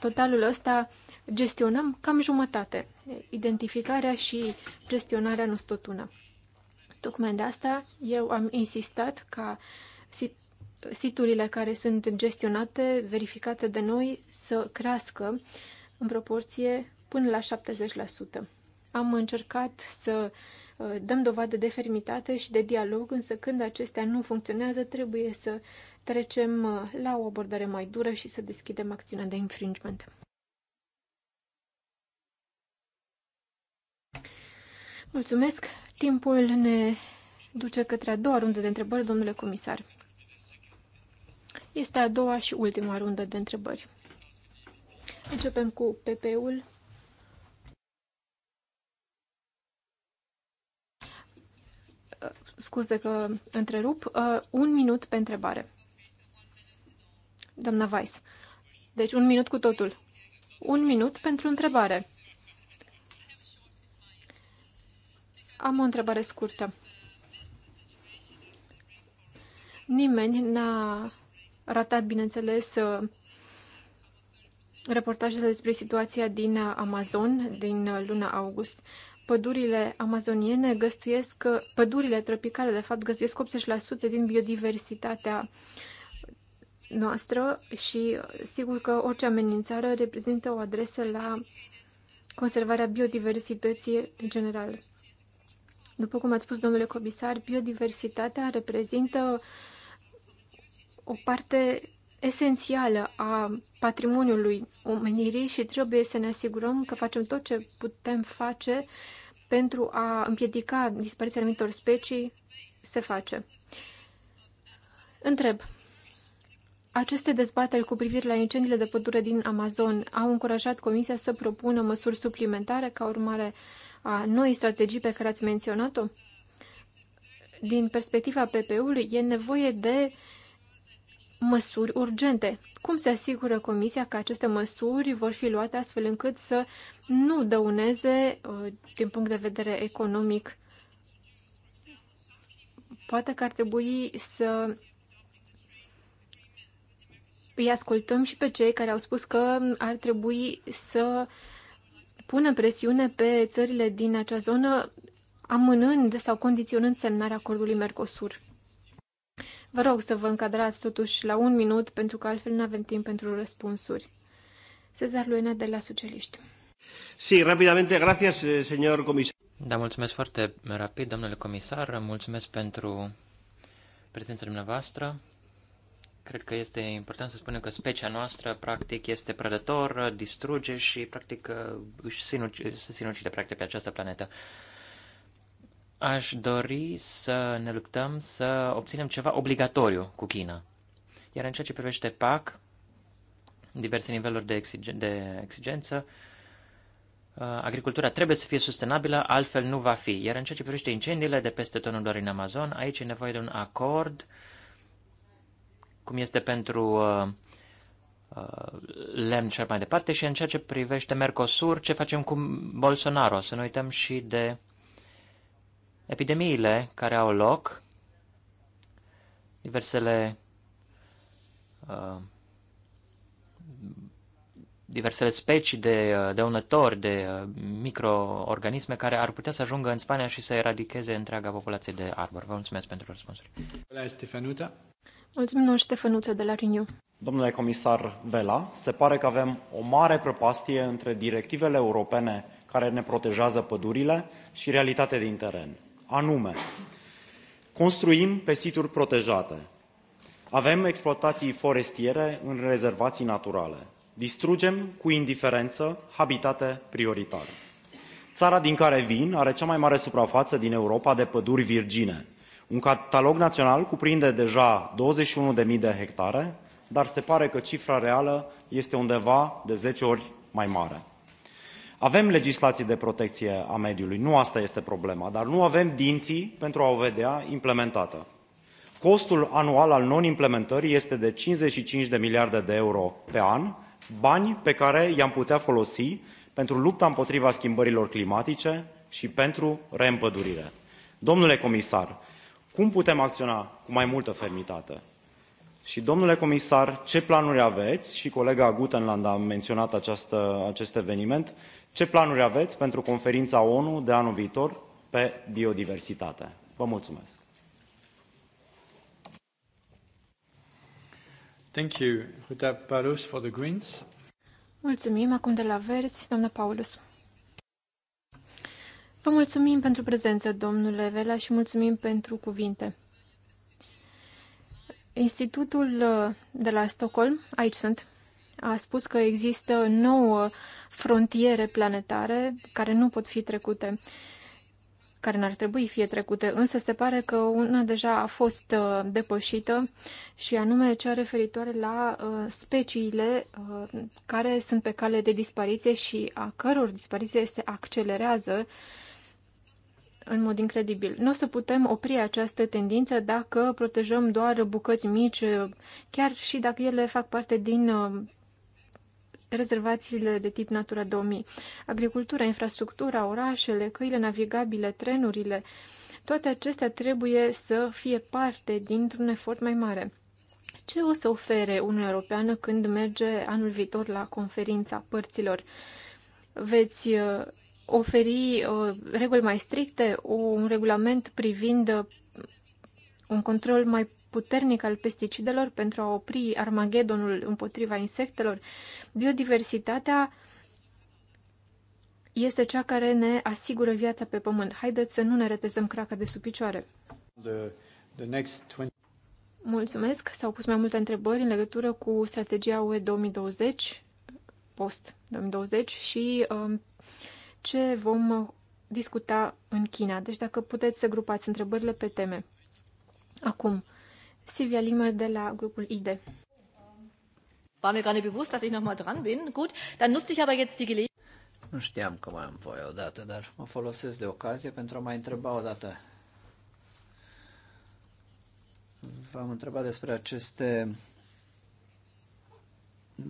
totalul ăsta gestionăm cam jumătate. Identificarea și gestionarea nu sunt tot una. Tocmai de asta eu am insistat ca siturile care sunt gestionate, verificate de noi, să crească în proporție până la 70%. Am încercat să uh, dăm dovadă de fermitate și de dialog, însă când acestea nu funcționează, trebuie să trecem uh, la o abordare mai dură și să deschidem acțiunea de infringement. Mulțumesc! Timpul ne duce către a doua rundă de întrebări, domnule comisar. Este a doua și ultima rundă de întrebări. Începem cu PP-ul. Uh, scuze că întrerup. Uh, un minut pe întrebare. Doamna Weiss. Deci un minut cu totul. Un minut pentru întrebare. Am o întrebare scurtă. Nimeni n-a ratat, bineînțeles, uh, reportajele despre situația din uh, Amazon din uh, luna august. Pădurile amazoniene găstuiesc, pădurile tropicale, de fapt, găstuiesc 80% din biodiversitatea noastră și sigur că orice amenințare reprezintă o adresă la conservarea biodiversității în general. După cum ați spus, domnule comisar, biodiversitatea reprezintă o parte esențială a patrimoniului omenirii și trebuie să ne asigurăm că facem tot ce putem face pentru a împiedica dispariția anumitor specii, se face. Întreb, aceste dezbateri cu privire la incendiile de pădure din Amazon au încurajat Comisia să propună măsuri suplimentare ca urmare a noii strategii pe care ați menționat-o? Din perspectiva PPU, ului e nevoie de uh, măsuri urgente. Cum se asigură Comisia că aceste măsuri vor fi luate astfel încât să nu dăuneze, uh, din punct de vedere economic, poate că ar trebui să îi ascultăm și pe cei care au spus că ar trebui să pună presiune pe țările din acea zonă, amânând sau condiționând semnarea acordului Mercosur. Vă rog să vă încadrați totuși la un minut, pentru că altfel nu avem timp pentru răspunsuri. Cezar Luena de la Socialiști. Sí, rapidamente, gracias, eh, señor comisar. Da, mulțumesc foarte rapid, domnule comisar. Mulțumesc pentru prezența dumneavoastră. Cred că este important să spunem că specia noastră, practic, este prădător, distruge și, practic, își sinucide, se sinucide, practic, pe această planetă aș dori să ne luptăm să obținem ceva obligatoriu cu China. Iar în ceea ce privește PAC, diverse niveluri de, exigen- de exigență, uh, agricultura trebuie să fie sustenabilă, altfel nu va fi. Iar în ceea ce privește incendiile de peste tonul doar în Amazon, aici e nevoie de un acord, cum este pentru uh, uh, lemn și mai departe, și în ceea ce privește Mercosur, ce facem cu Bolsonaro, să nu uităm și de Epidemiile care au loc, diversele uh, diversele specii de dăunători, uh, de uh, microorganisme care ar putea să ajungă în Spania și să eradicheze întreaga populație de arbori. Vă mulțumesc pentru răspunsuri. Mulțumim, domnul Ștefănuță de la Riniu. Domnule comisar Vela, se pare că avem o mare prăpastie între directivele europene care ne protejează pădurile și realitatea din teren anume construim pe situri protejate, avem exploatații forestiere în rezervații naturale, distrugem cu indiferență habitate prioritare. Țara din care vin are cea mai mare suprafață din Europa de păduri virgine. Un catalog național cuprinde deja 21.000 de hectare, dar se pare că cifra reală este undeva de 10 ori mai mare. Avem legislații de protecție a mediului, nu asta este problema, dar nu avem dinții pentru a o vedea implementată. Costul anual al non-implementării este de 55 de miliarde de euro pe an, bani pe care i-am putea folosi pentru lupta împotriva schimbărilor climatice și pentru reîmpădurire. Domnule comisar, cum putem acționa cu mai multă fermitate? Și, domnule comisar, ce planuri aveți? Și colega Gutenland a menționat această, acest eveniment. Ce planuri aveți pentru conferința ONU de anul viitor pe biodiversitate? Vă mulțumesc! Thank you, Ruta Paulus, for the Greens. Mulțumim. Acum de la Verzi, doamna Paulus. Vă mulțumim pentru prezență, domnule Vela, și mulțumim pentru cuvinte. Institutul uh, de la Stockholm, aici sunt, a spus că există nouă frontiere planetare care nu pot fi trecute, care n-ar trebui fie trecute, însă se pare că una deja a fost uh, depășită și anume cea referitoare la uh, speciile uh, care sunt pe cale de dispariție și a căror dispariție se accelerează în mod incredibil. Nu o să putem opri această tendință dacă protejăm doar bucăți mici, chiar și dacă ele fac parte din rezervațiile de tip Natura 2000. Agricultura, infrastructura, orașele, căile navigabile, trenurile, toate acestea trebuie să fie parte dintr-un efort mai mare. Ce o să ofere Uniunea Europeană când merge anul viitor la conferința părților? Veți uh, oferi uh, reguli mai stricte, un regulament privind uh, un control mai puternic al pesticidelor pentru a opri armagedonul împotriva insectelor. Biodiversitatea este cea care ne asigură viața pe pământ. Haideți să nu ne retezăm craca de sub picioare. The, the next 20... Mulțumesc. S-au pus mai multe întrebări în legătură cu strategia UE 2020, post 2020 și um, ce vom discuta în China. Deci dacă puteți să grupați întrebările pe teme. Acum, Silvia Limer de la grupul IDE. War mir gar nicht bewusst, dass ich nochmal dran bin. Gut, dann nutze ich aber jetzt die Gelegenheit. Nu știam că mai am voie odată, dar mă folosesc de ocazie pentru a mai întreba odată. V-am întrebat despre aceste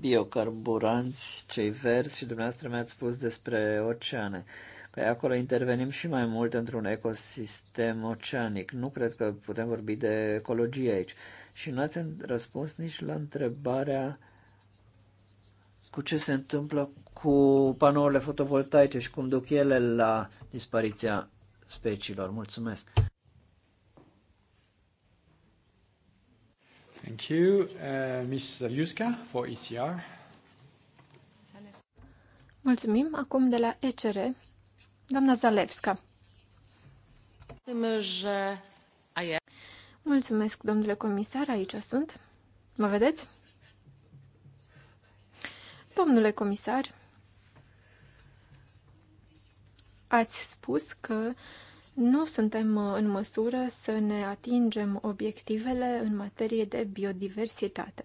biocarburanți, cei verzi și dumneavoastră mi-ați spus despre oceane. Uh, pe acolo intervenim și mai mult într-un ecosistem oceanic. Nu cred că putem vorbi de ecologie aici. Și nu ați răspuns nici la întrebarea cu ce se întâmplă cu panourile fotovoltaice și cum duc ele la dispariția speciilor. Mulțumesc! Thank you, uh, Ms. Zaliuska for ECR. Mulțumim. Acum de la ECR, Doamna Zalewska. Mulțumesc, domnule comisar, aici sunt. Mă vedeți? Domnule comisar, ați spus că nu suntem uh, în măsură să ne atingem obiectivele în materie de biodiversitate.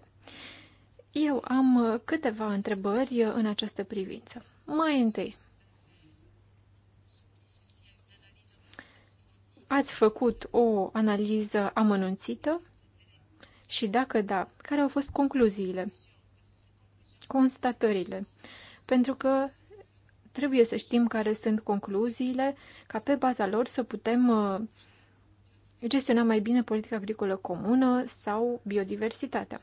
Eu am uh, câteva întrebări uh, în această privință. Mai întâi, Ați făcut o analiză amănunțită? Și dacă da, care au fost concluziile? Constatările. Pentru că trebuie să știm care sunt concluziile, ca pe baza lor să putem uh, gestiona mai bine politica agricolă comună sau biodiversitatea.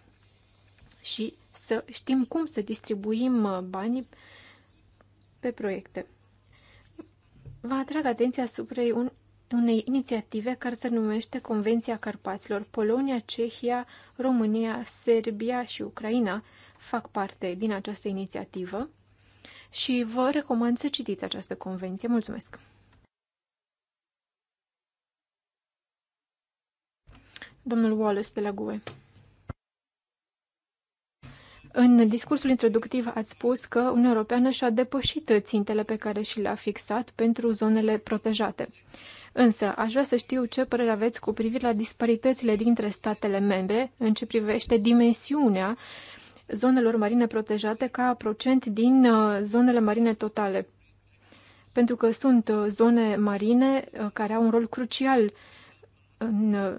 Și să știm cum să distribuim uh, banii pe proiecte. Vă atrag atenția asupra, un, unei inițiative care se numește Convenția Carpaților. Polonia, Cehia, România, Serbia și Ucraina fac parte din această inițiativă și vă recomand să citiți această convenție. Mulțumesc! Domnul Wallace de la GUE. În discursul introductiv ați spus că Uniunea Europeană și-a depășit țintele pe care și le-a fixat pentru zonele protejate. Însă, aș vrea să știu ce părere aveți cu privire la disparitățile dintre statele membre în ce privește dimensiunea zonelor marine protejate ca procent din uh, zonele marine totale. Pentru că sunt uh, zone marine uh, care au un rol crucial în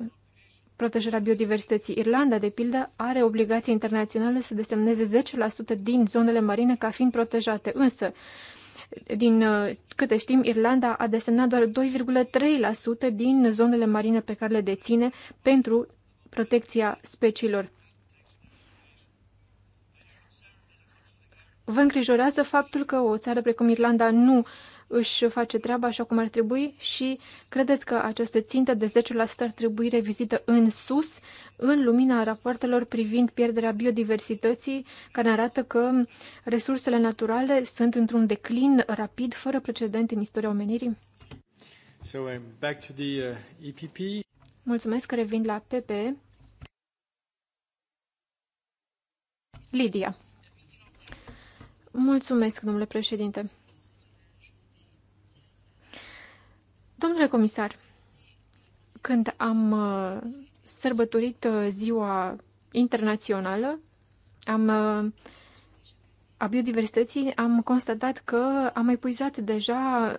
protejarea biodiversității. Irlanda, de pildă, are obligații internaționale să desemneze 10% din zonele marine ca fiind protejate. Însă, din uh, câte știm, Irlanda a desemnat doar 2,3% din zonele marine pe care le deține pentru protecția speciilor. Vă îngrijorează faptul că o țară precum Irlanda nu uh, își face treaba așa cum ar trebui și credeți că această țintă de 10% ar trebui revizită în sus, în lumina rapoartelor privind pierderea biodiversității, care arată că resursele naturale sunt într-un declin rapid, fără precedent în istoria omenirii? So, I'm um, back to the, uh, EPP. Mulțumesc că revin la PP. Lidia. Mulțumesc, domnule președinte. Domnule comisar, când am uh, sărbătorit uh, ziua internațională, am uh, a biodiversității, am constatat că am epuizat deja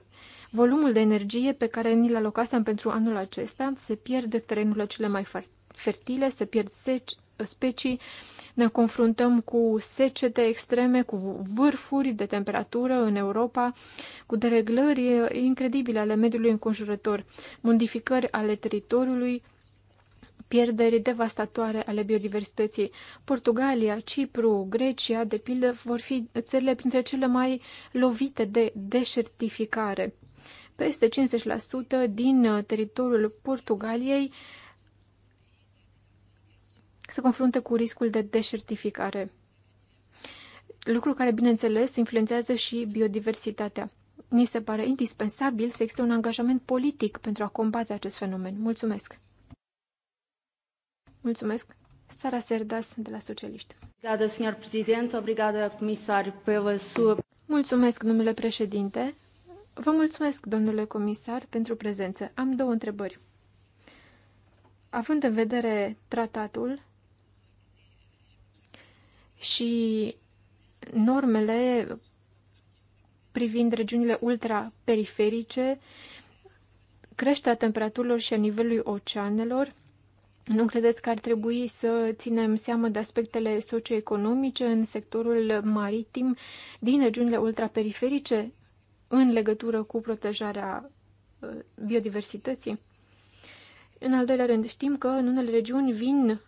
volumul de energie pe care ni l alocasem pentru anul acesta. Se pierd terenurile cele mai fertile, se pierd seci, specii, ne confruntăm cu secete extreme, cu vârfuri de temperatură în Europa, cu dereglări incredibile ale mediului înconjurător, modificări ale teritoriului, pierderi devastatoare ale biodiversității. Portugalia, Cipru, Grecia, de pildă, vor fi țările printre cele mai lovite de deșertificare. Peste 50% din teritoriul Portugaliei se confruntă cu riscul de deșertificare. Lucru care, bineînțeles, influențează și biodiversitatea. Ni se pare indispensabil să existe un angajament politic pentru a combate acest fenomen. Mulțumesc! Mulțumesc! Sara Serdas, de la Socialiști. Obrigada, senhor presidente. Obrigada, comisar, pela sua... Mulțumesc, domnule președinte. Vă mulțumesc, domnule comisar, pentru prezență. Am două întrebări. Având în vedere tratatul, și normele privind regiunile ultraperiferice, creșterea temperaturilor și a nivelului oceanelor. Nu credeți că ar trebui să ținem seama de aspectele socioeconomice în sectorul maritim din regiunile ultraperiferice în legătură cu protejarea uh, biodiversității? În al doilea rând, știm că în unele regiuni vin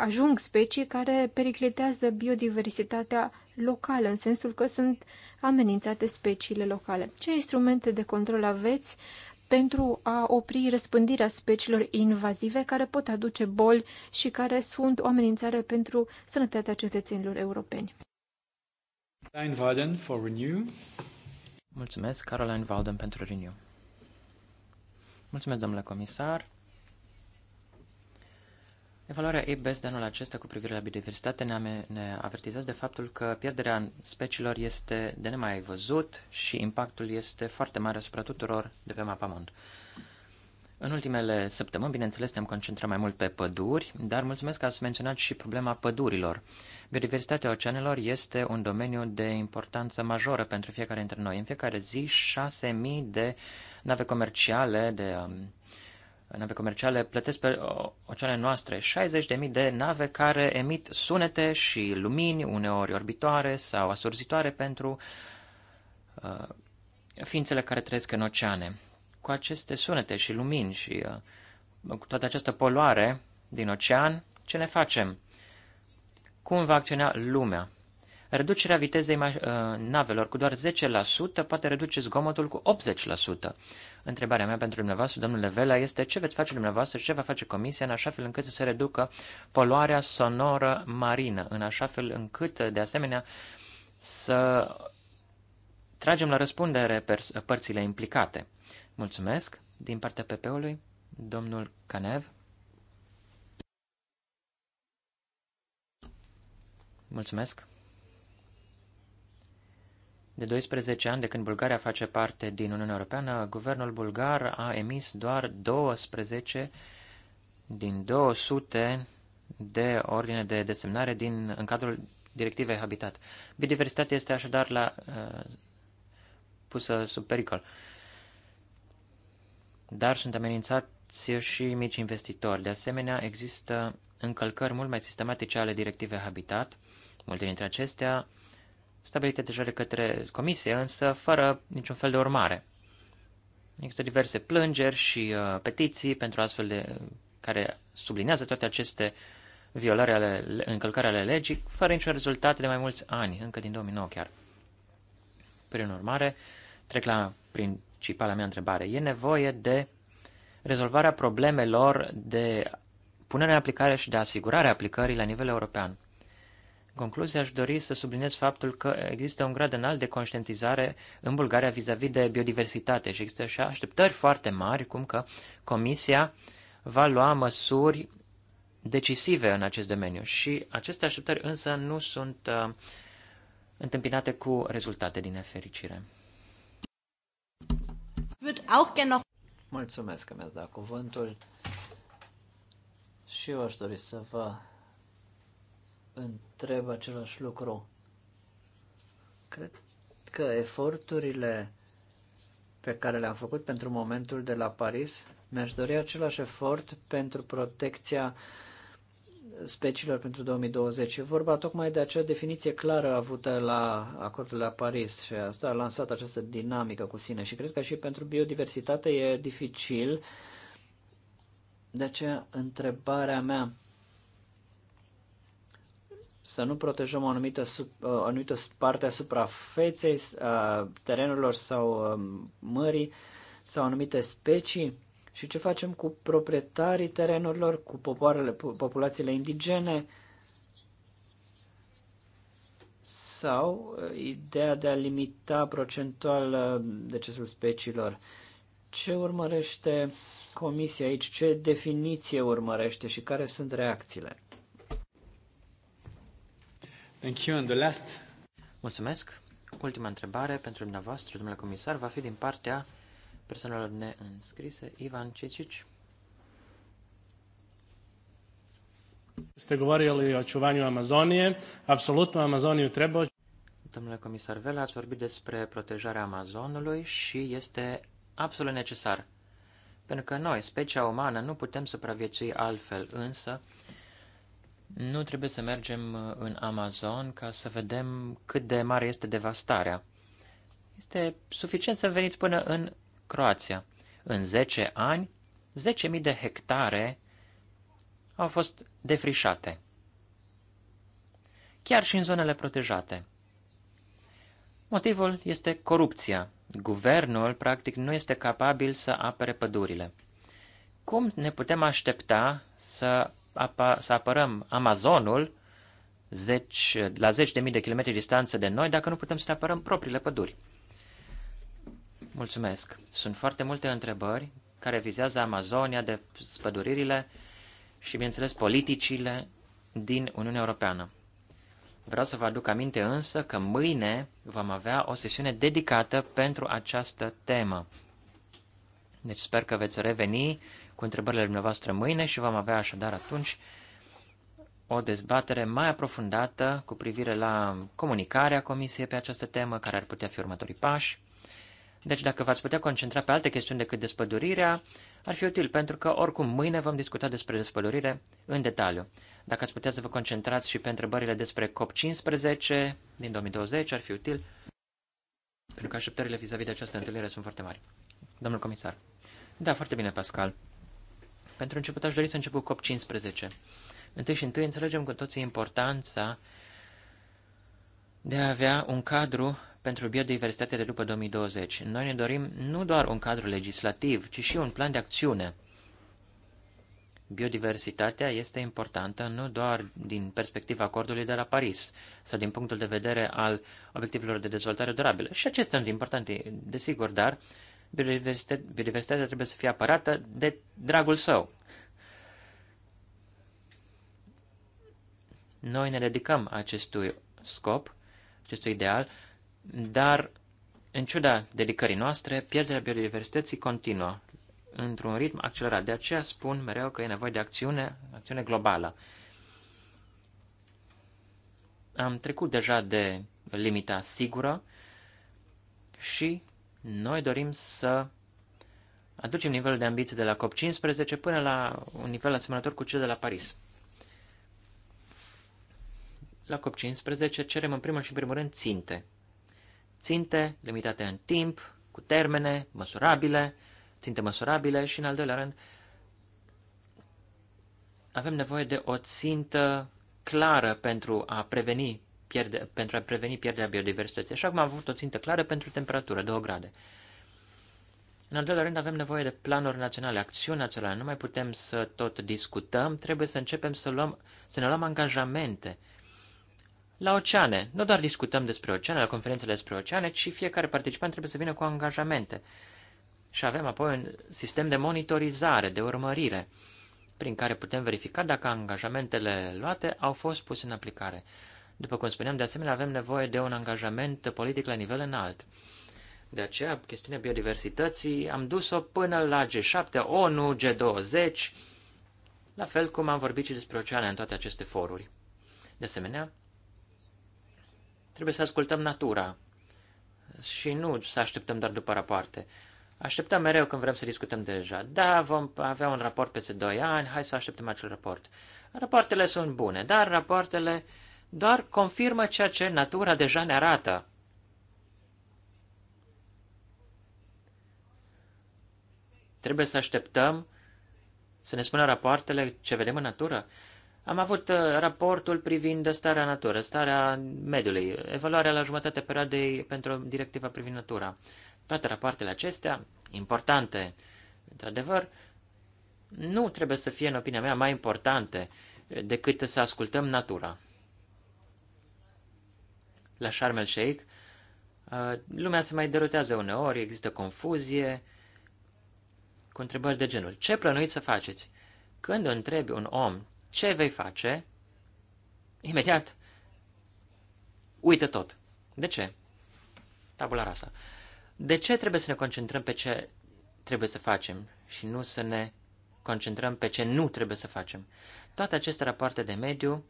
ajung specii care periclitează biodiversitatea locală, în sensul că sunt amenințate speciile locale. Ce instrumente de control aveți pentru a opri răspândirea speciilor invazive care pot aduce boli și care sunt o amenințare pentru sănătatea cetățenilor europeni? Caroline Walden for Renew. Mulțumesc, Caroline Walden, pentru Renew. Mulțumesc, domnule comisar. Evaluarea EBES de anul acesta cu privire la biodiversitate ne, ne avertizează de faptul că pierderea speciilor este de nemai văzut și impactul este foarte mare asupra tuturor de pe mapamond. În ultimele săptămâni, bineînțeles, ne-am concentrat mai mult pe păduri, dar mulțumesc că ați menționat și problema pădurilor. Biodiversitatea oceanelor este un domeniu de importanță majoră pentru fiecare dintre noi. În fiecare zi, 6.000 de nave comerciale, de um, nave comerciale plătesc pe oceanele noastre 60.000 de nave care emit sunete și lumini, uneori orbitoare sau asurzitoare pentru uh, ființele care trăiesc în oceane. Cu aceste sunete și lumini și uh, cu toată această poluare din ocean, ce ne facem? Cum va acționa lumea? Reducerea vitezei uh, navelor cu doar 10% poate reduce zgomotul cu 80%. Întrebarea mea pentru dumneavoastră, domnule Vela, este ce veți face dumneavoastră, ce va face comisia în așa fel încât să se reducă poluarea sonoră marină, în așa fel încât, de asemenea, să tragem la răspundere părțile implicate. Mulțumesc din partea PP-ului, domnul Canev. Mulțumesc. De 12 ani de când Bulgaria face parte din Uniunea Europeană, guvernul bulgar a emis doar 12 din 200 de ordine de desemnare din, în cadrul directivei Habitat. Biodiversitatea este așadar la, uh, pusă sub pericol. Dar sunt amenințați și mici investitori. De asemenea, există încălcări mult mai sistematice ale directivei Habitat. Multe dintre acestea stabilite deja de către comisie, însă fără niciun fel de urmare. Există diverse plângeri și uh, petiții pentru astfel de, care sublinează toate aceste violări ale, încălcări ale legii, fără niciun rezultat de mai mulți ani, încă din 2009 chiar. Prin urmare, trec la principala mea întrebare. E nevoie de rezolvarea problemelor de punere în aplicare și de asigurare a aplicării la nivel european concluzie, aș dori să subliniez faptul că există un grad înalt de conștientizare în Bulgaria vis-a-vis -vis de biodiversitate și există și așteptări foarte mari, cum că Comisia va lua măsuri decisive în acest domeniu și aceste așteptări însă nu sunt uh, întâmpinate cu rezultate din nefericire. Mulțumesc că mi-ați dat cuvântul și eu aș dori să vă întreb același lucru. Cred că eforturile pe care le-am făcut pentru momentul de la Paris, mi-aș dori același efort pentru protecția speciilor pentru 2020. E vorba tocmai de acea definiție clară avută la acordul la Paris și asta a lansat această dinamică cu sine și cred că și pentru biodiversitate e dificil. De aceea, întrebarea mea să nu protejăm o anumită, sub, o anumită parte a suprafeței, a terenurilor sau mării sau anumite specii și ce facem cu proprietarii terenurilor, cu popoarele, populațiile indigene sau ideea de a limita procentual decesul speciilor. Ce urmărește comisia aici? Ce definiție urmărește și care sunt reacțiile? Thank you. And the last... Mulțumesc. Ultima întrebare pentru dumneavoastră, domnule comisar, va fi din partea persoanelor neînscrise. Ivan Cicic. Ste govorili o čuvanju Amazonije. Absolut, Amazoniju trebuie. Domnule comisar Vela, ați vorbit despre protejarea Amazonului și este absolut necesar. Pentru că noi, specia umană, nu putem supraviețui altfel, însă nu trebuie să mergem uh, în Amazon ca să vedem cât de mare este devastarea. Este suficient să veniți până în Croația. În 10 ani, 10.000 de hectare au fost defrișate. Chiar și în zonele protejate. Motivul este corupția. Guvernul, practic, nu este capabil să apere pădurile. Cum ne putem aștepta să apa, să apărăm Amazonul zeci, la zeci de mii de kilometri distanță de noi dacă nu putem să ne apărăm propriile păduri? Mulțumesc. Sunt foarte multe întrebări care vizează Amazonia, de spăduririle și, bineînțeles, politicile din Uniunea Europeană. Vreau să vă aduc aminte însă că mâine vom avea o sesiune dedicată pentru această temă. Deci sper că veți reveni cu întrebările dumneavoastră mâine și vom avea așadar atunci o dezbatere mai aprofundată cu privire la comunicarea Comisiei pe această temă, care ar putea fi următorii pași. Deci dacă v-ați putea concentra pe alte chestiuni decât despădurirea, ar fi util, pentru că oricum mâine vom discuta despre despădurire în detaliu. Dacă ați putea să vă concentrați și pe întrebările despre COP15 din 2020, ar fi util, pentru că așteptările vis-a-vis -vis de această întâlnire sunt foarte mari. Domnul comisar. Da, foarte bine, Pascal. Pentru început aș dori să încep cu COP15. Întâi și întâi înțelegem cu toții importanța de a avea un cadru pentru biodiversitate de după 2020. Noi ne dorim nu doar un cadru legislativ, ci și un plan de acțiune. Biodiversitatea este importantă nu doar din perspectiva acordului de la Paris sau din punctul de vedere al obiectivelor de dezvoltare durabilă. Și acestea sunt importante, desigur, dar biodiversitatea trebuie să fie apărată de dragul său. Noi ne dedicăm acestui scop, acestui ideal, dar, în ciuda dedicării noastre, pierderea biodiversității continuă într-un ritm accelerat. De aceea spun mereu că e nevoie de acțiune, acțiune globală. Am trecut deja de limita sigură și noi dorim să aducem nivelul de ambiție de la COP15 până la un nivel asemănător cu cel de la Paris. La COP15 cerem în primul și în primul rând ținte. Ținte limitate în timp, cu termene, măsurabile, ținte măsurabile și, în al doilea rând, avem nevoie de o țintă clară pentru a preveni pierde, pentru a preveni pierderea biodiversității. Așa cum am avut o țintă clară pentru temperatură, 2 grade. În al doilea rând, avem nevoie de planuri naționale, acțiuni naționale. Nu mai putem să tot discutăm, trebuie să începem să, luăm, să ne luăm angajamente la oceane. Nu doar discutăm despre oceane, la conferințele despre oceane, ci fiecare participant trebuie să vină cu angajamente. Și avem apoi un sistem de monitorizare, de urmărire, prin care putem verifica dacă angajamentele luate au fost puse în aplicare. După cum spuneam, de asemenea avem nevoie de un angajament politic la nivel înalt. De aceea, chestiunea biodiversității am dus-o până la G7, ONU, G20, la fel cum am vorbit și despre oceane în toate aceste foruri. De asemenea, trebuie să ascultăm natura și nu să așteptăm doar după rapoarte. Așteptăm mereu când vrem să discutăm deja. Da, vom avea un raport peste 2 ani, hai să așteptăm acel raport. Rapoartele sunt bune, dar rapoartele uh, doar confirmă ceea ce natura deja ne arată. Trebuie să așteptăm să ne spună rapoartele ce vedem în natură. Am avut uh, raportul privind starea natură, starea mediului, evaluarea la jumătatea perioadei pentru directiva privind natura. Toate rapoartele acestea, importante, într-adevăr, nu trebuie să fie, în opinia mea, mai importante decât să ascultăm natura la Sharm el Sheikh, uh, lumea se mai derutează uneori, există confuzie, cu întrebări de genul, ce plănuiți să faceți? Când întrebi un om ce vei face, imediat uită tot. De ce? Tabula rasa. De ce trebuie să ne concentrăm pe ce trebuie să facem și nu să ne concentrăm pe ce nu trebuie să facem? Toate aceste rapoarte de mediu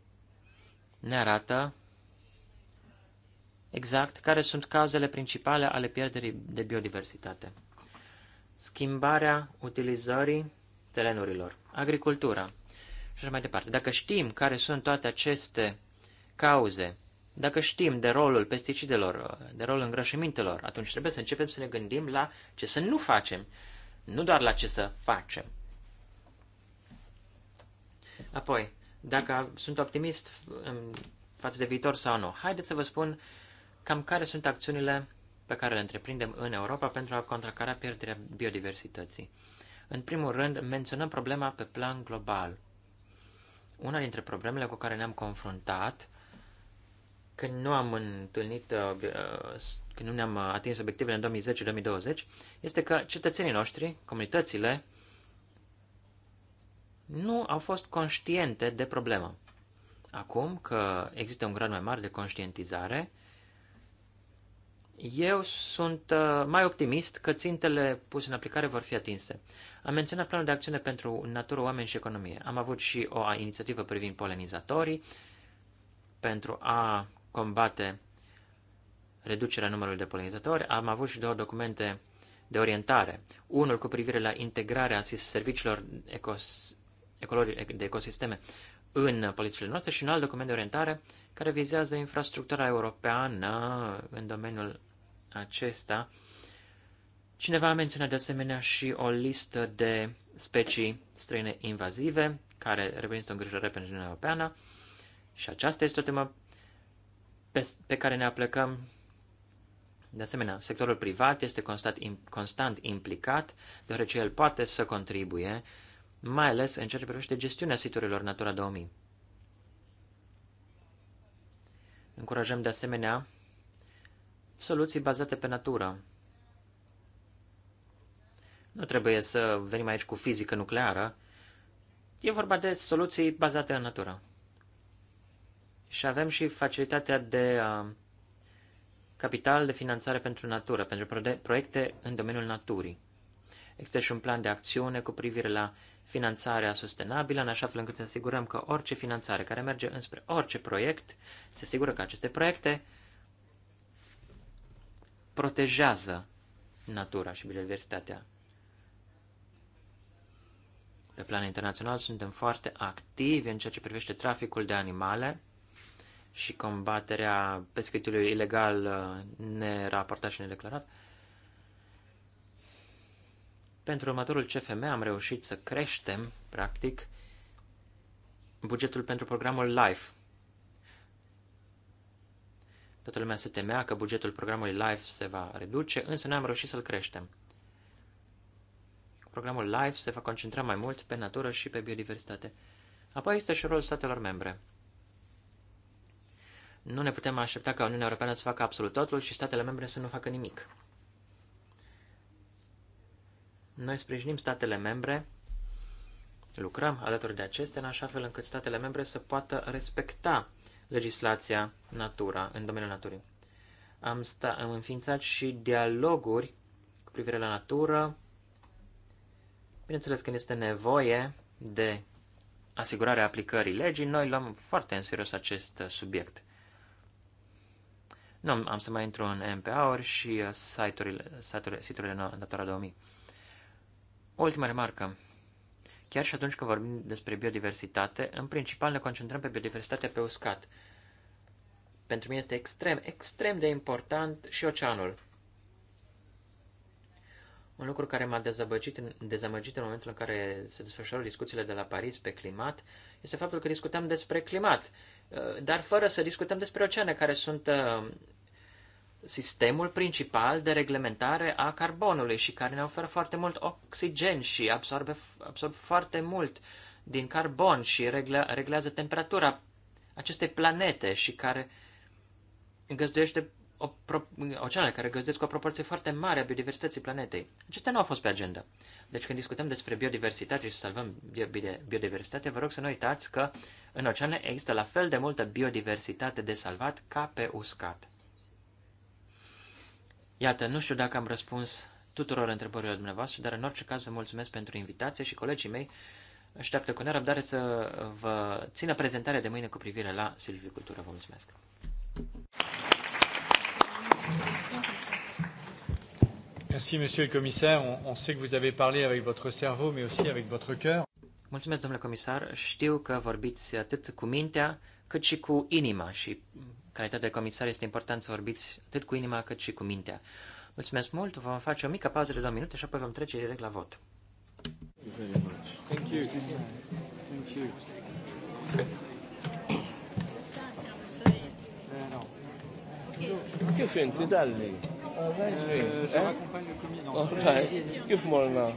ne arată exact care sunt cauzele principale ale pierderii de biodiversitate. Schimbarea utilizării terenurilor, agricultura și așa mai departe. Dacă știm care sunt toate aceste cauze, dacă știm de rolul pesticidelor, de rolul îngrășămintelor, atunci trebuie să începem să ne gândim la ce să nu facem, nu doar la ce să facem. Apoi, dacă sunt optimist um, față de viitor sau nu, haideți să vă spun cam care sunt acțiunile pe care le întreprindem în Europa pentru a contracara pierderea biodiversității. În primul rând, menționăm problema pe plan global. Una dintre problemele cu care ne-am confruntat când nu am întâlnit, uh, uh, când nu ne-am atins obiectivele în 2010-2020, este că cetățenii noștri, comunitățile, nu au fost conștiente de problemă. Acum că există un grad mai mare de conștientizare, eu sunt uh, mai optimist că țintele puse în aplicare vor fi atinse. Am menționat planul de acțiune pentru natură, oameni și economie. Am avut și o inițiativă privind polenizatorii pentru a combate reducerea numărului de polenizatori. Am avut și două documente de orientare. Unul cu privire la integrarea serviciilor ecos de ecosisteme în politicile noastre și un alt document de orientare care vizează infrastructura europeană în domeniul acesta. Cineva a menționat de asemenea și o listă de specii străine invazive, care reprezintă o îngrijorare pentru Uniunea Europeană. Și aceasta este o temă pe, pe care ne aplecăm. De asemenea, sectorul privat este constant, constant implicat, deoarece el poate să contribuie, mai ales în ceea ce privește gestiunea siturilor Natura 2000. Încurajăm de asemenea soluții bazate pe natură. Nu trebuie să venim aici cu fizică nucleară. E vorba de soluții bazate în natură. Și avem și facilitatea de uh, capital de finanțare pentru natură, pentru proiecte în domeniul naturii. Există și un plan de acțiune cu privire la finanțarea sustenabilă, în așa fel încât să asigurăm că orice finanțare care merge înspre orice proiect, se asigură că aceste proiecte uh, protejează natura și biodiversitatea. Pe plan internațional suntem foarte activi în ceea ce privește traficul de animale și combaterea pescuitului ilegal uh, neraportat și nedeclarat. Pentru următorul CFM am reușit să creștem, practic, bugetul pentru programul LIFE, Toată lumea se temea că bugetul programului LIFE se va reduce, însă noi am reușit să-l creștem. Programul LIFE se va concentra mai mult pe natură și pe biodiversitate. Apoi este și rolul statelor membre. Nu ne putem aștepta ca Uniunea Europeană să facă absolut totul și statele membre să nu facă nimic. Noi sprijinim statele membre, lucrăm alături de acestea în așa fel încât statele membre să poată respecta legislația natura, în domeniul naturii. Am, sta, am înființat și dialoguri cu privire la natură. Bineînțeles, când este nevoie de asigurarea aplicării legii, noi luăm foarte în serios acest subiect. Nu am să mai intru în MPA-uri și uh, site-urile, site-urile, site-urile Natura 2000. Ultima remarcă. Chiar și atunci când vorbim despre biodiversitate, în principal ne concentrăm pe biodiversitatea pe uscat. Pentru mine este extrem, extrem de important și oceanul. Un lucru care m-a dezamăgit în, dezamăgit în momentul în care se desfășurau discuțiile de la Paris pe climat este faptul că discutam despre climat, uh, dar fără să discutăm despre oceane, care sunt uh, sistemul principal de reglementare a carbonului și care ne oferă foarte mult oxigen și absorbe, absorbe foarte mult din carbon și regle, reglează temperatura acestei planete și care găzduiește o, oceanele care găzduiesc o proporție foarte mare a biodiversității planetei. Acestea nu au fost pe agenda. Deci când discutăm despre biodiversitate și să salvăm biodiversitate, vă rog să nu uitați că în oceane există la fel de multă biodiversitate de salvat ca pe uscat. Iată, nu știu dacă am răspuns tuturor întrebărilor dumneavoastră, dar în orice caz vă mulțumesc pentru invitație și colegii mei așteaptă cu nerăbdare să vă țină prezentarea de mâine cu privire la silvicultură. Vă mulțumesc! Merci, monsieur le commissaire. On, on sait que vous avez parlé avec votre cerveau, mais aussi avec votre cœur. Mulțumesc, domnule comisar. Știu că vorbiți atât cu mintea, cât și cu inima și calitate de comisar este important să vorbiți atât cu inima cât și cu mintea. Mulțumesc mult, vom face o mică pauză de două minute și apoi vom trece direct la vot. Thank you. Thank you. Kif inti dalli? Kif morna?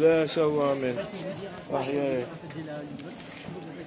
لا سوى من وحياه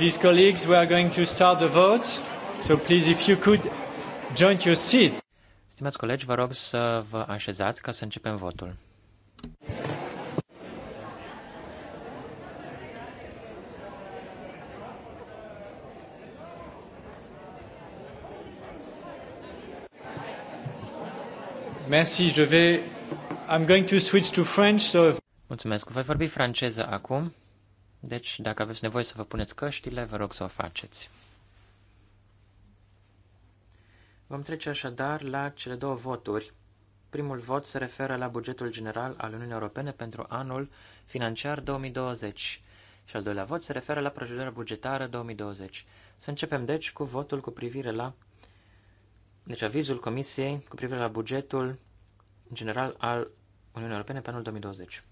Please, colleagues, we are going to start the vote. So please, if you could join your seats. Stimați colegi, vă rog să vă așezați ca să începem votul. Merci, je vais I'm going to switch to French, so Mulțumesc. Voi vorbi franceză acum. Deci, dacă aveți nevoie să vă puneți căștile, vă rog să o faceți. Vom trece așadar la cele două voturi. Primul vot se referă la bugetul general al Uniunii Europene pentru anul financiar 2020 și al doilea vot se referă la procedura bugetară 2020. Să începem deci cu votul cu privire la deci avizul Comisiei cu privire la bugetul general al Uniunii Europene pe anul 2020.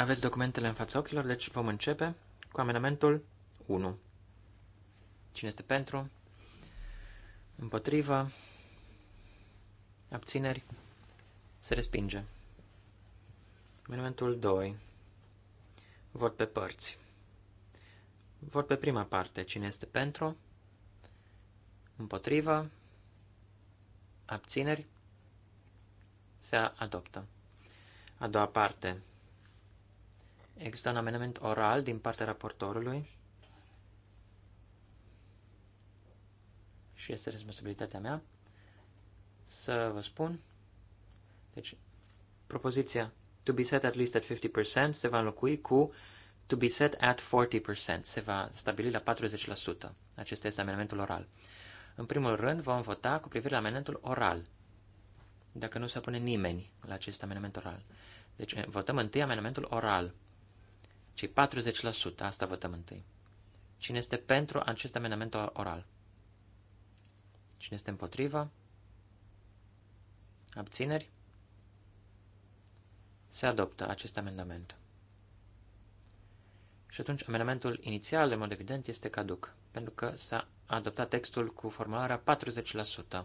Aveți documentele în fața ochilor, deci vom începe cu amendamentul 1. Cine este pentru? Împotrivă? Abțineri? Se respinge. Amendamentul 2. Vot pe părți. Vot pe prima parte. Cine este pentru? Împotrivă? Abțineri? Se adoptă. A doua parte Există un amendament oral din partea raportorului și este responsabilitatea mea să vă spun. Deci, propoziția to be set at least at 50% se va înlocui cu to be set at 40%, se va stabili la 40%. Acesta este amendamentul oral. În primul rând, vom vota cu privire la amendamentul oral, dacă nu se opune nimeni la acest amendament oral. Deci, votăm întâi amendamentul oral. Cei 40%, asta votăm întâi. Cine este pentru acest amendament oral? Cine este împotriva? Abțineri? Se adoptă acest amendament. Și atunci amendamentul inițial, în mod evident, este caduc, pentru că s-a adoptat textul cu formularea 40%.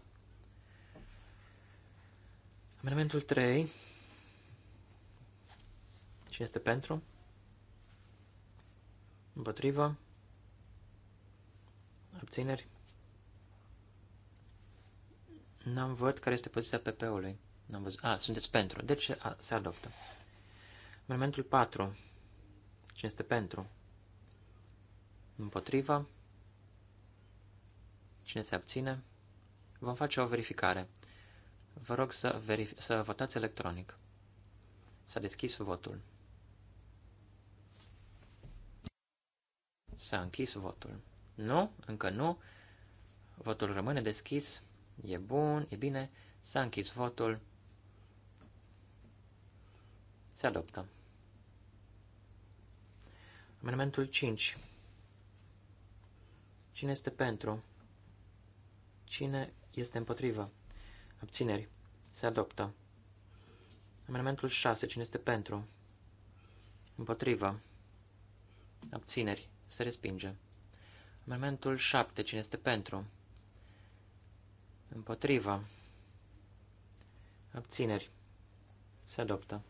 Amendamentul 3. Cine este pentru? Împotrivă. Abțineri. N-am văzut care este poziția PP-ului. N-am văzut. A, sunteți pentru. Deci a, se adoptă. Amendamentul 4. Cine este pentru? Împotriva? Cine se abține? Vom face o verificare. Vă rog să, verifi- să votați electronic. S-a deschis votul. S-a închis votul. Nu, încă nu. Votul rămâne deschis. E bun, e bine. S-a închis votul. Se adoptă. Amendamentul 5. Cine este pentru? Cine este împotrivă? Abțineri. Se adoptă. Amendamentul 6. Cine este pentru? Împotrivă. Abțineri. Se respinge. Amendamentul 7. Cine este pentru? Împotriva. Abțineri. Se adoptă.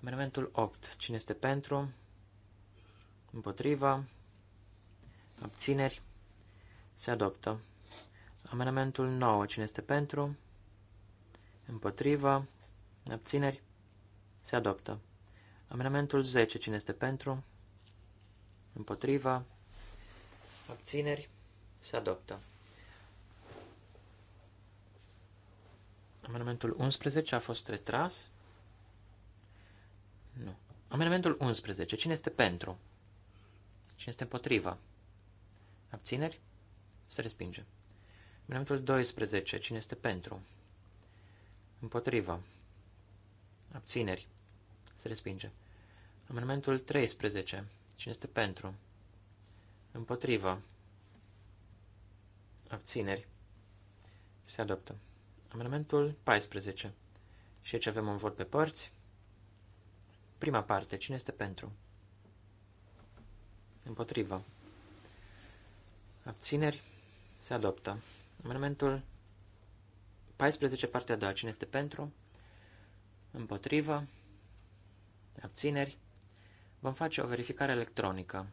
Amendamentul 8. Cine este pentru? Împotriva. Abțineri. Se adoptă. Amendamentul 9. Cine este pentru? Împotriva. Abțineri. Se adoptă. Amendamentul 10. Cine este pentru? împotriva, abțineri, se adoptă. Amendamentul 11 a fost retras? Nu. Amendamentul 11. Cine este pentru? Cine este împotriva? Abțineri? Se respinge. Amendamentul 12. Cine este pentru? Împotriva. Abțineri. Se respinge. Amendamentul 13. Cine este pentru? Împotrivă. Abțineri. Se adoptă. Amendamentul 14. Și aici avem un vot pe părți. Prima parte. Cine este pentru? Împotrivă. Abțineri. Se adoptă. Amendamentul 14, partea a doua. Cine este pentru? Împotrivă. Abțineri. Vom face o verificare electronică.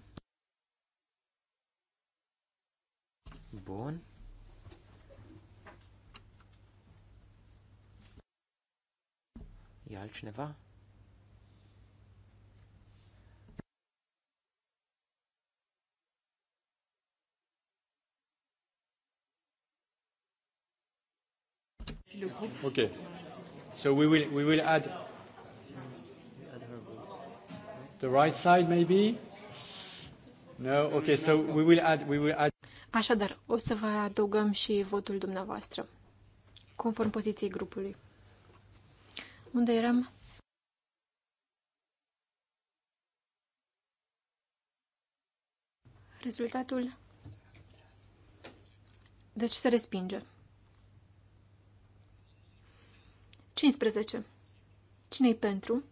Bun. E altcineva? Okay. So we will we will add The right side maybe? No? Okay, so we will add, we will add... Așadar, o să vă adăugăm și votul dumneavoastră, conform poziției grupului. Unde eram? Rezultatul? Deci se respinge. 15. Cine-i pentru?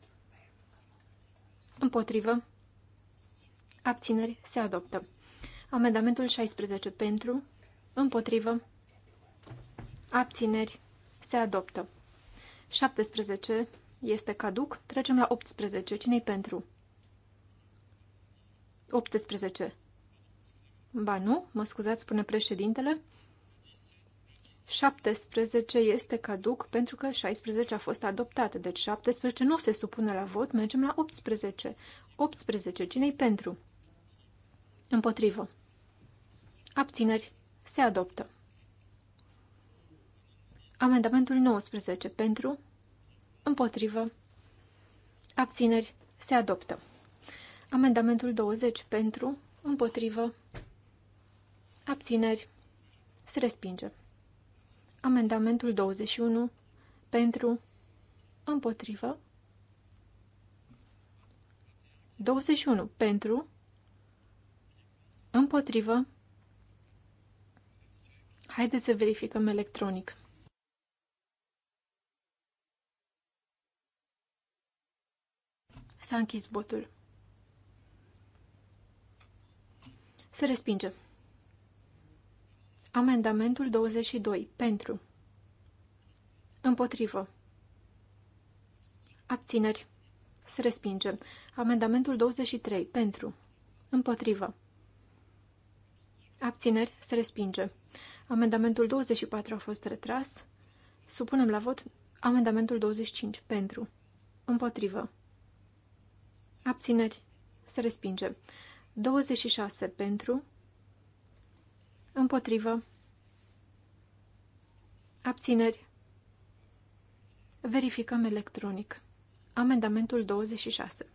Împotrivă. Abțineri. Se adoptă. Amendamentul 16. Pentru. Împotrivă. Abțineri. Se adoptă. 17. Este caduc. Trecem la 18. Cine-i pentru? 18. Ba nu, mă scuzați, spune președintele. 17 este caduc pentru că 16 a fost adoptat. Deci 17 nu se supune la vot. Mergem la 18. 18. Cine-i pentru? Împotrivă. Abțineri. Se adoptă. Amendamentul 19. Pentru. Împotrivă. Abțineri. Se adoptă. Amendamentul 20. Pentru. Împotrivă. Abțineri. Se respinge. Amendamentul 21 pentru împotrivă. 21 pentru împotrivă. Haideți să verificăm electronic. S-a închis botul. Se respinge. Amendamentul 22. Pentru. Împotrivă. Abțineri. Se respinge. Amendamentul 23. Pentru. Împotrivă. Abțineri. Se respinge. Amendamentul 24 a fost retras. Supunem la vot amendamentul 25. Pentru. Împotrivă. Abțineri. Se respinge. 26. Pentru. Împotrivă. Abțineri. Verificăm electronic. Amendamentul 26.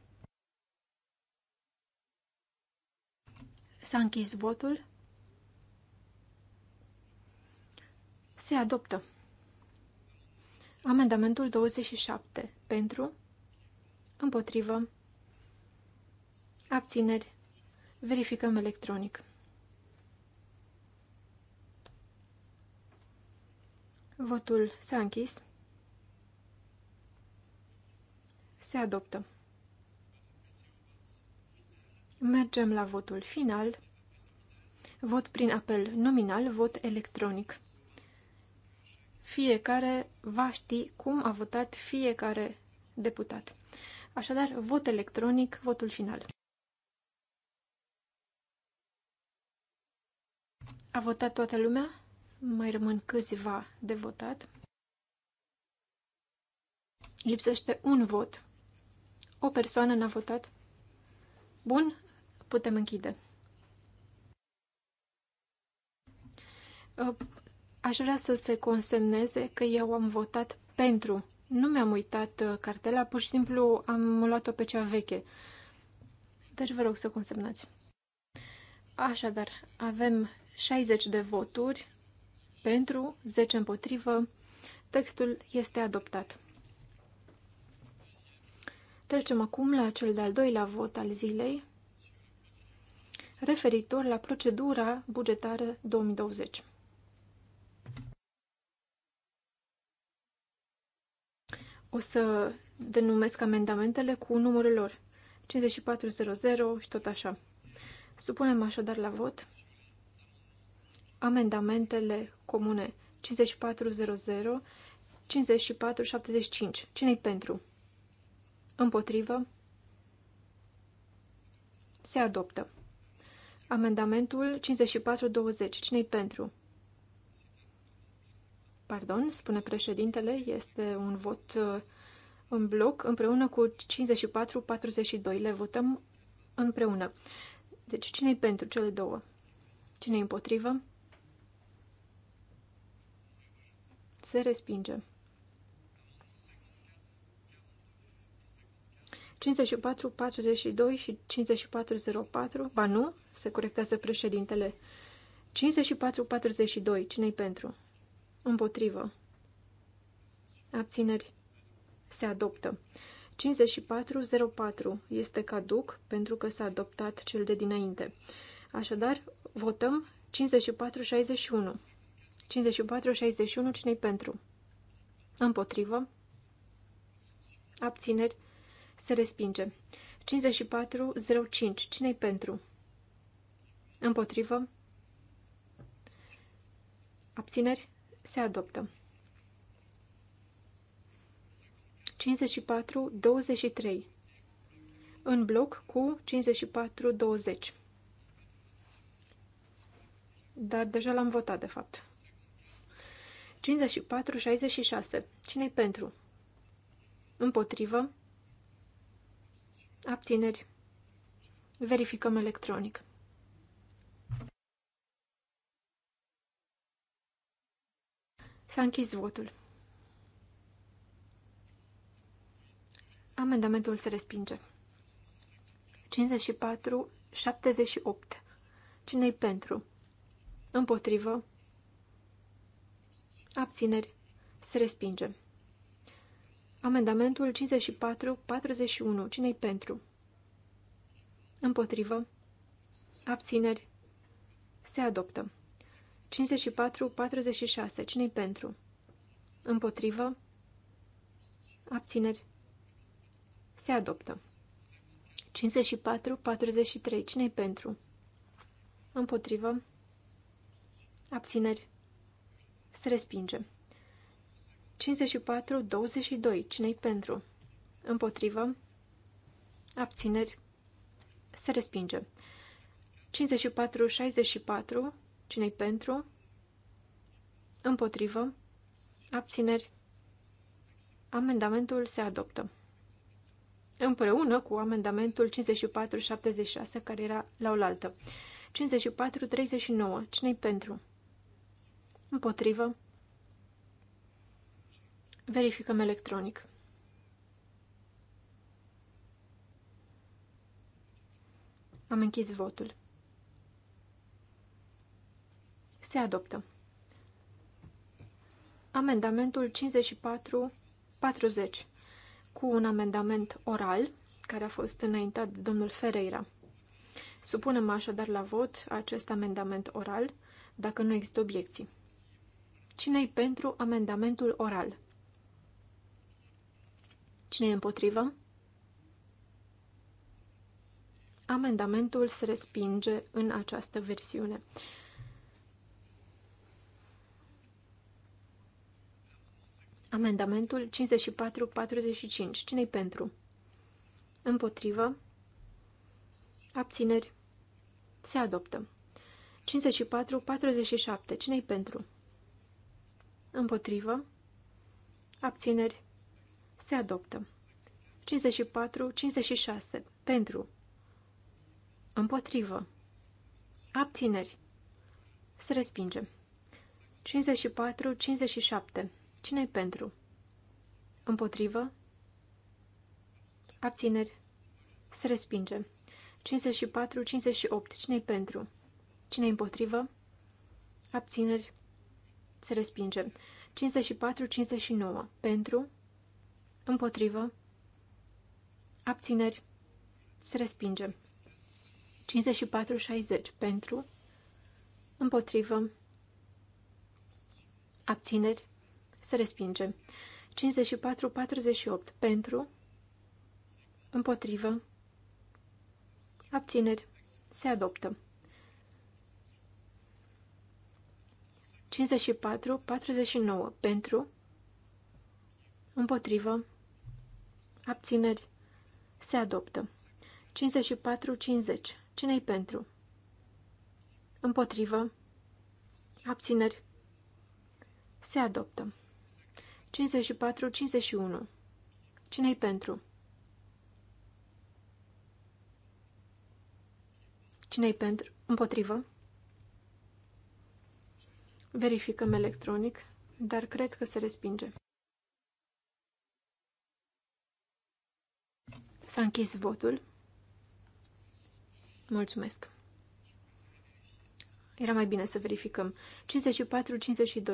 S-a închis votul. Se adoptă. Amendamentul 27. Pentru. Împotrivă. Abțineri. Verificăm electronic. Votul s-a închis. Se adoptă. Mergem la votul final. Vot prin apel nominal, vot electronic. Fiecare va ști cum a votat fiecare deputat. Așadar, vot electronic, votul final. A votat toată lumea? Mai rămân câțiva de votat. Lipsește un vot. O persoană n-a votat. Bun, putem închide. Aș vrea să se consemneze că eu am votat pentru. Nu mi-am uitat uh, cartela, pur și simplu am luat-o pe cea veche. Deci vă rog să consemnați. Așadar, avem 60 de voturi, pentru, 10 împotrivă. Textul este adoptat. Trecem acum la cel de-al doilea vot al zilei, referitor la procedura bugetară 2020. O să denumesc amendamentele cu numărul lor. 5400 și tot așa. Supunem așadar la vot amendamentele comune 5400, 5475. Cine-i pentru? Împotrivă? Se adoptă. Amendamentul 5420. Cine-i pentru? Pardon, spune președintele, este un vot uh, în bloc împreună cu 5442. Le votăm împreună. Deci, cine-i pentru cele două? Cine-i împotrivă? Se respinge. 54, 42 și 5404. Ba nu, se corectează președintele. 54, 42. Cine-i pentru? Împotrivă. Abțineri. Se adoptă. 5404 este caduc pentru că s-a adoptat cel de dinainte. Așadar, votăm 5461. 54-61, cine pentru? Împotrivă. Abțineri. Se respinge. 54-05, cine pentru? Împotrivă. Abțineri. Se adoptă. 54-23 în bloc cu 54-20 dar deja l-am votat de fapt 54-66. Cine-i pentru? Împotrivă. Abțineri. Verificăm electronic. S-a închis votul. Amendamentul se respinge. 54-78. Cine-i pentru? Împotrivă. Abțineri. Se respinge. Amendamentul 54-41. Cine-i pentru? Împotrivă. Abțineri. Se adoptă. 54-46. Cine-i pentru? Împotrivă. Abțineri. Se adoptă. 54-43. Cine-i pentru? Împotrivă. Abțineri. Se respinge. 54-22. Cine-i pentru? Împotrivă. Abțineri. Se respinge. 54-64. Cine-i pentru? Împotrivă. Abțineri. Amendamentul se adoptă. Împreună cu amendamentul 54-76, care era la oaltă. 54-39. Cine-i pentru? Împotrivă. Verificăm electronic. Am închis votul. Se adoptă. Amendamentul 54-40 cu un amendament oral care a fost înaintat de domnul Ferreira. Supunem așadar la vot acest amendament oral dacă nu există obiecții. Cine-i pentru amendamentul oral? Cine e împotrivă? Amendamentul se respinge în această versiune. Amendamentul 54-45. Cine-i pentru? Împotrivă? Abțineri? Se adoptă. 54-47. Cine-i pentru? împotrivă, abțineri, se adoptă. 54-56, pentru, împotrivă, abțineri, se respinge. 54-57, cine pentru? Împotrivă, abțineri, se respinge. 54-58, cine pentru? cine împotrivă? Abțineri, se respinge. 54-59. Pentru. Împotrivă. Abțineri. Se respinge. 54-60. Pentru. Împotrivă. Abțineri. Se respinge. 54-48. Pentru. Împotrivă. Abțineri. Se adoptă. 54-49 pentru, împotrivă, abțineri, se adoptă. 54-50, cine-i pentru? Împotrivă, abțineri, se adoptă. 54-51, cine-i pentru? Cine-i pentru? Împotrivă? Verificăm electronic, dar cred că se respinge. S-a închis votul. Mulțumesc. Era mai bine să verificăm.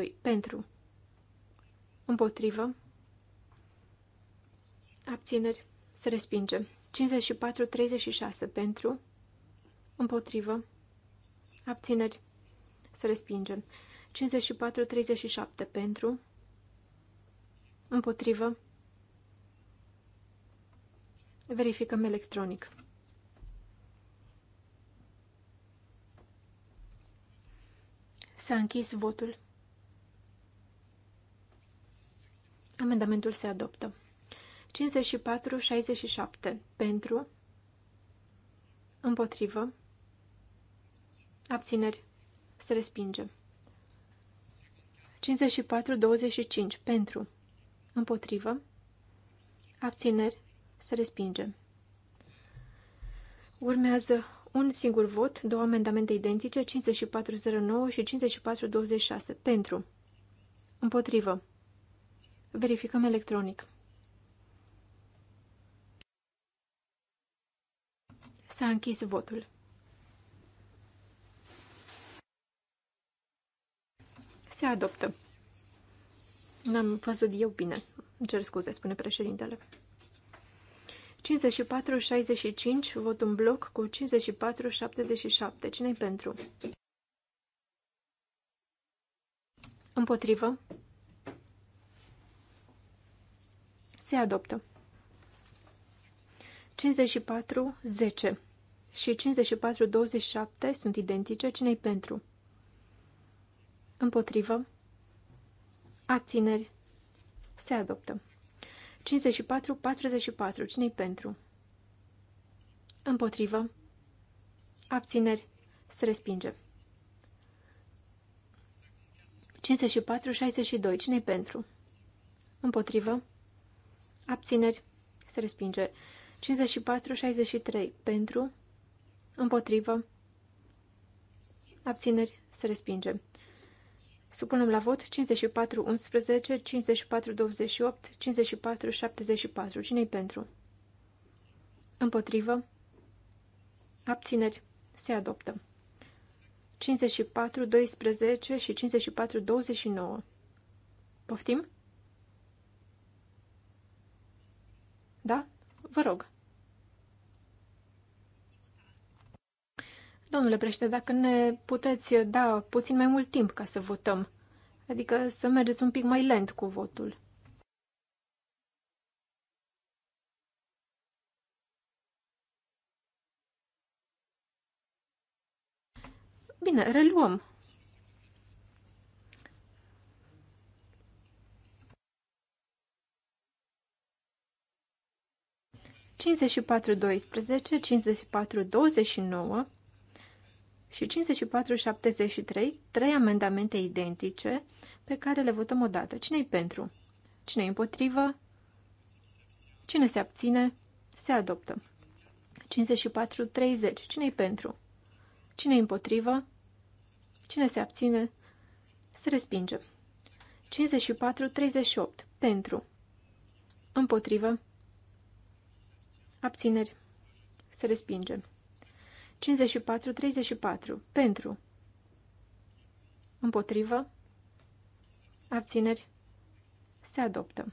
54-52. Pentru. Împotrivă. Abțineri. Se respinge. 54-36. Pentru. Împotrivă. Abțineri. Se respinge. 54-37 pentru, împotrivă, verificăm electronic. S-a închis votul. Amendamentul se adoptă. 54-67 pentru, împotrivă, abțineri, se respinge. 54-25 pentru, împotrivă, abțineri, se respinge. Urmează un singur vot, două amendamente identice, 5409 și 5426 pentru, împotrivă. Verificăm electronic. S-a închis votul. Se adoptă. N-am văzut eu bine. Cer scuze, spune președintele. 54-65, vot în bloc cu 54-77. Cine-i pentru? Împotrivă? Se adoptă. 54-10 și 54-27 sunt identice. Cine-i pentru? Împotrivă. Abțineri. Se adoptă. 54-44. Cine-i pentru? Împotrivă. Abțineri. Se respinge. 54-62. Cine-i pentru? Împotrivă. Abțineri. Se respinge. 54-63. Pentru. Împotrivă. Abțineri. Se respinge. Supunem la vot 54 11, 54 28, 54 74. Cine-i pentru? Împotrivă? Abțineri? Se adoptă. 54 12 și 54 29. Poftim? Da? Vă rog. Domnule președinte, dacă ne puteți da puțin mai mult timp ca să votăm, adică să mergeți un pic mai lent cu votul. Bine, reluăm. Cincizeci și patru doisprezece, cincizeci și patru douăzeci și nouă și 54-73, trei amendamente identice pe care le votăm odată. Cine-i pentru? Cine-i împotrivă? Cine se abține? Se adoptă. 54-30. Cine-i pentru? Cine-i împotrivă? Cine se abține? Se respinge. 54-38. Pentru. Împotrivă. Abțineri. Se respinge. 54-34. Pentru. Împotrivă. Abțineri. Se adoptă.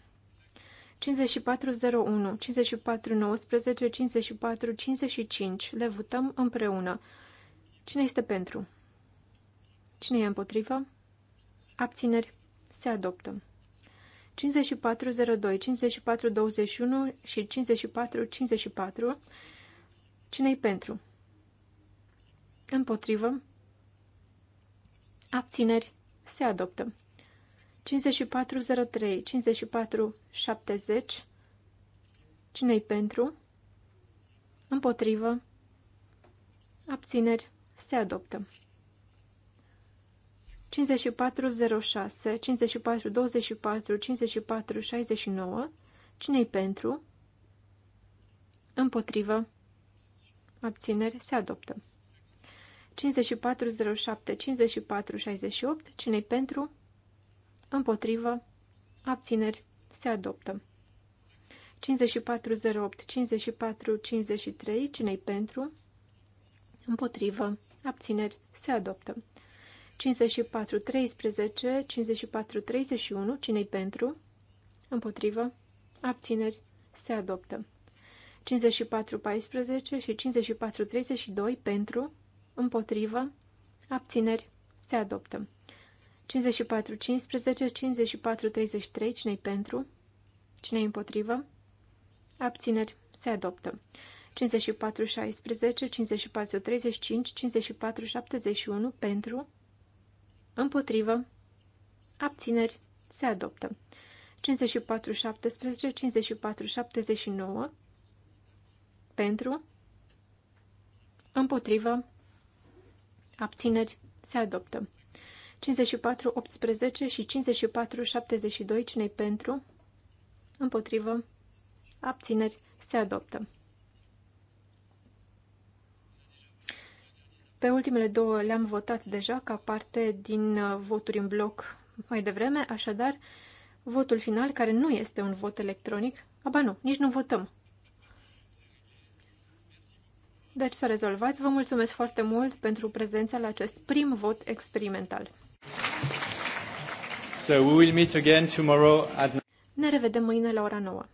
54-01, 5401, 54 5455. Le votăm împreună. Cine este pentru? Cine e împotrivă? Abțineri. Se adoptă. 54-02, 54-21 și 54-54. cine e pentru? Împotrivă. Abțineri. Se adoptă. 5403, 5470. Cine-i pentru? Împotrivă. Abțineri. Se adoptă. 5406, 5424, 5469. Cine-i pentru? Împotrivă. Abțineri. Se adoptă. 5407, 5468, cine pentru, împotrivă, abțineri, se adoptă. 5408, 5453, cine pentru, împotrivă, abțineri, se adoptă. 5413, 5431, cine pentru, împotrivă, abțineri, se adoptă. 5414 și 5432 pentru, împotrivă, abțineri, se adoptă. 54, 15, 54, 33, cine-i pentru, cine-i împotrivă, abțineri, se adoptă. 54, 16, 54, 35, 54, 71, pentru, împotrivă, abțineri, se adoptă. 54, 17, 54, 79, pentru, împotrivă, abțineri, se adoptă. 54, 18 și 54, 72, cine pentru, împotrivă, abțineri, se adoptă. Pe ultimele două le-am votat deja ca parte din uh, voturi în bloc mai devreme, așadar, votul final, care nu este un vot electronic, aba nu, nici nu votăm, deci s-a rezolvat. Vă mulțumesc foarte mult pentru prezența la acest prim vot experimental. So we will meet again tomorrow at... Ne revedem mâine la ora 9.